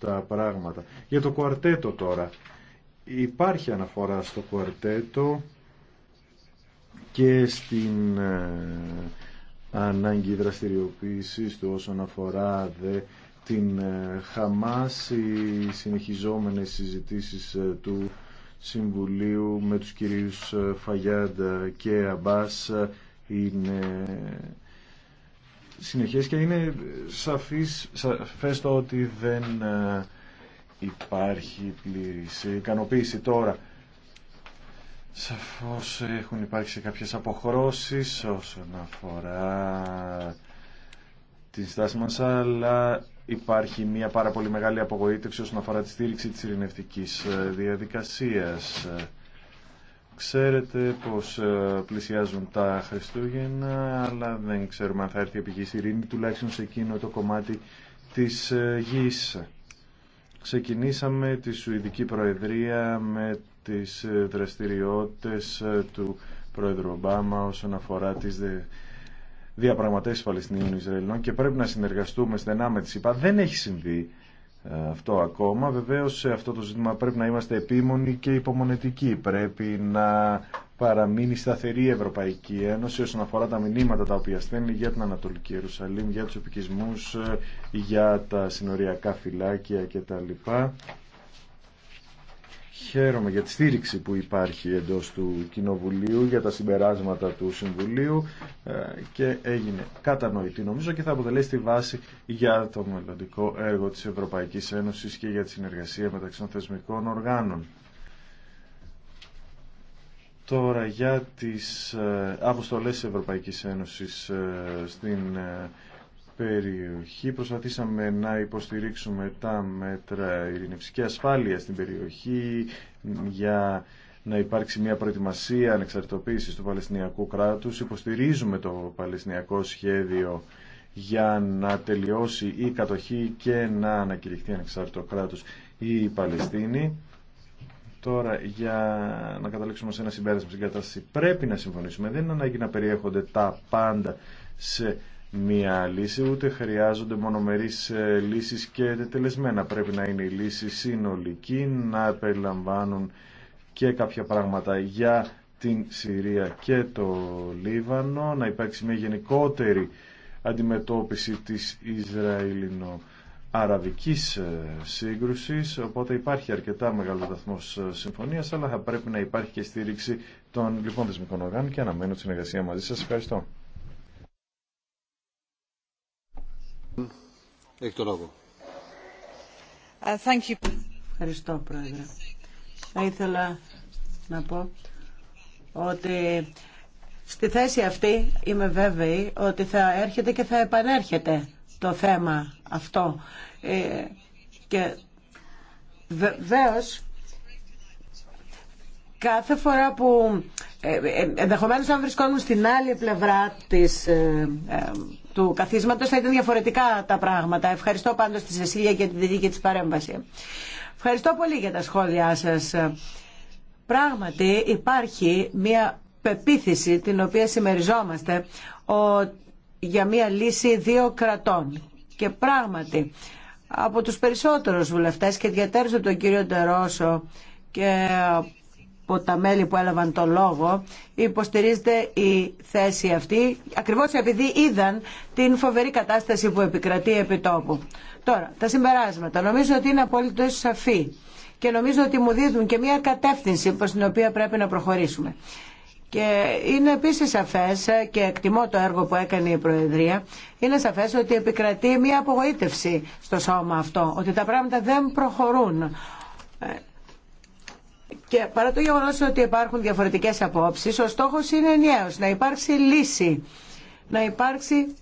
τα πράγματα. Για το κουαρτέτο τώρα. Υπάρχει αναφορά στο κουαρτέτο και στην ε, ανάγκη δραστηριοποίησης του όσον αφορά δε, την ε, Χαμάς, οι συνεχιζόμενες συζητήσεις του Συμβουλίου με τους κυρίους ε, Φαγιάντα ε, και Αμπάς ε, είναι συνεχές και είναι σαφής, σαφές το ότι δεν υπάρχει πλήρης ικανοποίηση τώρα. Σαφώς έχουν υπάρξει κάποιες αποχρώσεις όσον αφορά την στάση μας, αλλά υπάρχει μια πάρα πολύ μεγάλη απογοήτευση όσον αφορά τη στήριξη της ειρηνευτικής ε, διαδικασίας. Ε, ξέρετε πως ε, πλησιάζουν τα Χριστούγεννα, αλλά δεν ξέρουμε αν θα έρθει επιγής ειρήνη, τουλάχιστον σε εκείνο το κομμάτι της γης. Ξεκινήσαμε τη Σουηδική Προεδρία με τις δραστηριότητες του Πρόεδρου Ομπάμα όσον αφορά τις διαπραγματεύσει Παλαιστινίων Ισραηλινών και πρέπει να συνεργαστούμε στενά με τι ΣΥΠΑ. Δεν έχει συμβεί ε, αυτό ακόμα. Βεβαίω σε αυτό το ζήτημα πρέπει να είμαστε επίμονοι και υπομονετικοί. Πρέπει να παραμείνει σταθερή η Ευρωπαϊκή Ένωση όσον αφορά τα μηνύματα τα οποία στέλνει για την Ανατολική Ιερουσαλήμ, για του επικισμού, ε, για τα συνοριακά φυλάκια κτλ. Χαίρομαι για τη στήριξη που υπάρχει εντός του Κοινοβουλίου για τα συμπεράσματα του Συμβουλίου ε, και έγινε κατανοητή νομίζω και θα αποτελέσει τη βάση για το μελλοντικό έργο της Ευρωπαϊκής Ένωσης και για τη συνεργασία μεταξύ των θεσμικών οργάνων. Τώρα για τις ε, αποστολές της Ευρωπαϊκής Ένωσης ε, στην περιοχή. Προσπαθήσαμε να υποστηρίξουμε τα μέτρα ειρηνευσική ασφάλεια στην περιοχή για να υπάρξει μια προετοιμασία ανεξαρτητοποίησης του Παλαιστινιακού κράτους. Υποστηρίζουμε το Παλαιστινιακό σχέδιο για να τελειώσει η κατοχή και να ανακηρυχθεί ανεξάρτητο κράτος η Παλαιστίνη. Τώρα, για να καταλήξουμε σε ένα συμπέρασμα στην κατάσταση, πρέπει να συμφωνήσουμε. Δεν είναι ανάγκη να περιέχονται τα πάντα σε μία λύση, ούτε χρειάζονται μονομερείς ε, λύσεις και τελεσμένα. Πρέπει να είναι η λύση συνολική, να περιλαμβάνουν και κάποια πράγματα για την Συρία και το Λίβανο, να υπάρξει μια γενικότερη αντιμετώπιση της Ισραηλινο-Αραβικής ε, σύγκρουσης, οπότε υπάρχει αρκετά μεγάλο βαθμό ε, συμφωνίας, αλλά θα πρέπει να υπάρχει και στήριξη των λοιπόν δεσμικών οργάνων και αναμένω τη συνεργασία μαζί σας. Ευχαριστώ. Έχει ε, Ευχαριστώ, Πρόεδρε. Θα ήθελα να πω ότι στη θέση αυτή είμαι βέβαιη ότι θα έρχεται και θα επανέρχεται το θέμα αυτό. Ε, και βεβαίως κάθε φορά που ε, ε, ενδεχομένως αν βρισκόμουν στην άλλη πλευρά της, ε, του καθίσματος θα ήταν διαφορετικά τα πράγματα. Ευχαριστώ πάντως τη Σεσίλια για την δική της παρέμβαση. Ευχαριστώ πολύ για τα σχόλιά σας. Πράγματι υπάρχει μια πεποίθηση την οποία συμμεριζόμαστε για μια λύση δύο κρατών. Και πράγματι από τους περισσότερους βουλευτές και ιδιαίτερα τον κύριο Ντερόσο και από τα μέλη που έλαβαν το λόγο υποστηρίζεται η θέση αυτή ακριβώς επειδή είδαν την φοβερή κατάσταση που επικρατεί επί τόπου. Τώρα, τα συμπεράσματα νομίζω ότι είναι απόλυτο σαφή και νομίζω ότι μου δίδουν και μια κατεύθυνση προς την οποία πρέπει να προχωρήσουμε. Και είναι επίσης σαφές και εκτιμώ το έργο που έκανε η Προεδρία είναι σαφές ότι επικρατεί μια απογοήτευση στο σώμα αυτό ότι τα πράγματα δεν προχωρούν ε, και παρά το γεγονό ότι υπάρχουν διαφορετικέ απόψει, ο στόχο είναι ενιαίο. Να υπάρξει λύση. Να υπάρξει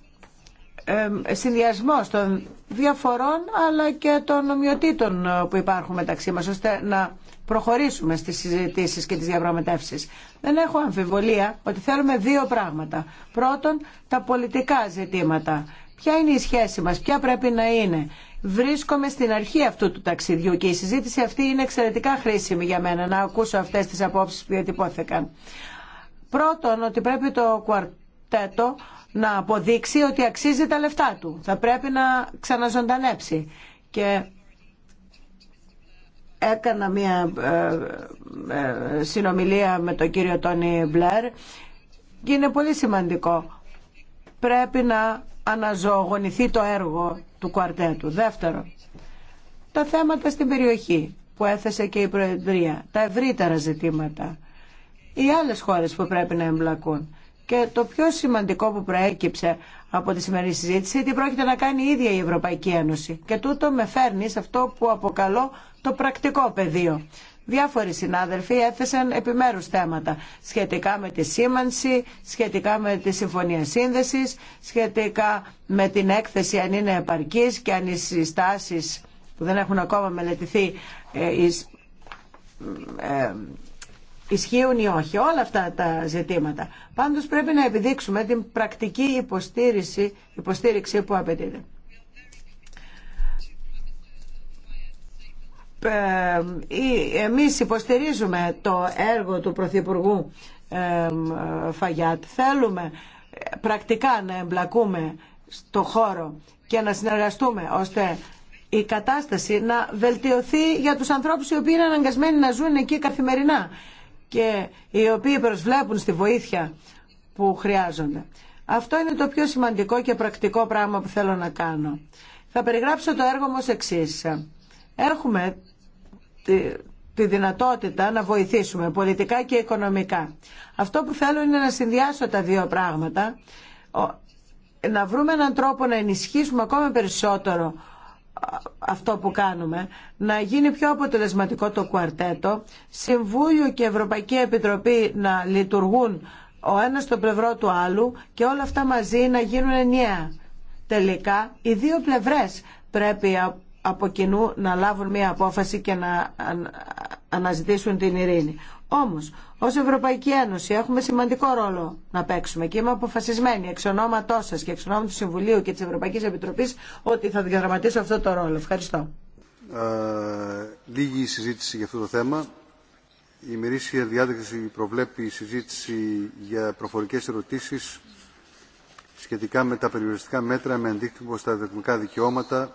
ε, συνδυασμό των διαφορών αλλά και των ομοιοτήτων ε, που υπάρχουν μεταξύ μα, ώστε να προχωρήσουμε στις συζητήσεις και τις διαπραγματεύσεις. Δεν έχω αμφιβολία ότι θέλουμε δύο πράγματα. Πρώτον, τα πολιτικά ζητήματα Ποια είναι η σχέση μας, ποια πρέπει να είναι. Βρίσκομαι στην αρχή αυτού του ταξιδιού και η συζήτηση αυτή είναι εξαιρετικά χρήσιμη για μένα να ακούσω αυτές τις απόψεις που διατυπώθηκαν. Πρώτον, ότι πρέπει το κουαρτέτο να αποδείξει ότι αξίζει τα λεφτά του. Θα πρέπει να ξαναζωντανέψει. Και έκανα μια ε, ε, συνομιλία με τον κύριο Τόνι Μπλερ και είναι πολύ σημαντικό. Πρέπει να αναζωογονηθεί το έργο του κουαρτέτου. Δεύτερο, τα θέματα στην περιοχή που έθεσε και η Προεδρία, τα ευρύτερα ζητήματα, οι άλλες χώρες που πρέπει να εμπλακούν. Και το πιο σημαντικό που προέκυψε από τη σημερινή συζήτηση τι πρόκειται να κάνει η ίδια η Ευρωπαϊκή Ένωση. Και τούτο με φέρνει σε αυτό που αποκαλώ το πρακτικό πεδίο. Διάφοροι συνάδελφοι έθεσαν επιμέρους θέματα σχετικά με τη σήμανση, σχετικά με τη συμφωνία σύνδεσης, σχετικά με την έκθεση αν είναι επαρκής και αν οι συστάσεις που δεν έχουν ακόμα μελετηθεί ε, ε, ισχύουν ή όχι. Όλα αυτά τα ζητήματα. Πάντως πρέπει να επιδείξουμε την πρακτική υποστήριξη, υποστήριξη που απαιτείται. Ε, ε, εμείς υποστηρίζουμε το έργο του Πρωθυπουργού ε, Φαγιάτ. Θέλουμε πρακτικά να εμπλακούμε στο χώρο και να συνεργαστούμε ώστε η κατάσταση να βελτιωθεί για τους ανθρώπους οι οποίοι είναι αναγκασμένοι να ζουν εκεί καθημερινά και οι οποίοι προσβλέπουν στη βοήθεια που χρειάζονται. Αυτό είναι το πιο σημαντικό και πρακτικό πράγμα που θέλω να κάνω. Θα περιγράψω το έργο μου ως εξής. Έχουμε τη δυνατότητα να βοηθήσουμε πολιτικά και οικονομικά. Αυτό που θέλω είναι να συνδυάσω τα δύο πράγματα, να βρούμε έναν τρόπο να ενισχύσουμε ακόμα περισσότερο αυτό που κάνουμε, να γίνει πιο αποτελεσματικό το κουαρτέτο, Συμβούλιο και Ευρωπαϊκή Επιτροπή να λειτουργούν ο ένας στο πλευρό του άλλου και όλα αυτά μαζί να γίνουν ενιαία. Τελικά, οι δύο πλευρές πρέπει από κοινού να λάβουν μια απόφαση και να αναζητήσουν την ειρήνη. Όμως, ως Ευρωπαϊκή Ένωση έχουμε σημαντικό ρόλο να παίξουμε και είμαι αποφασισμένη εξ ονόματό σα και εξ ονόματο του Συμβουλίου και της Ευρωπαϊκής Επιτροπής ότι θα διαδραματίσω αυτό το ρόλο. Ευχαριστώ. Ε, λίγη συζήτηση για αυτό το θέμα. Η ημερήσια διάδεξη προβλέπει συζήτηση για προφορικές ερωτήσεις σχετικά με τα περιοριστικά μέτρα με αντίκτυπο στα δεδομικά δικαιώματα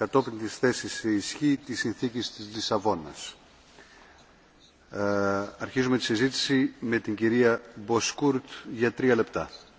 κατόπιν της θέσης σε ισχύ της συνθήκης της Λισαβόνας. Ε, αρχίζουμε τη συζήτηση με την κυρία Μποσκούρτ για τρία λεπτά.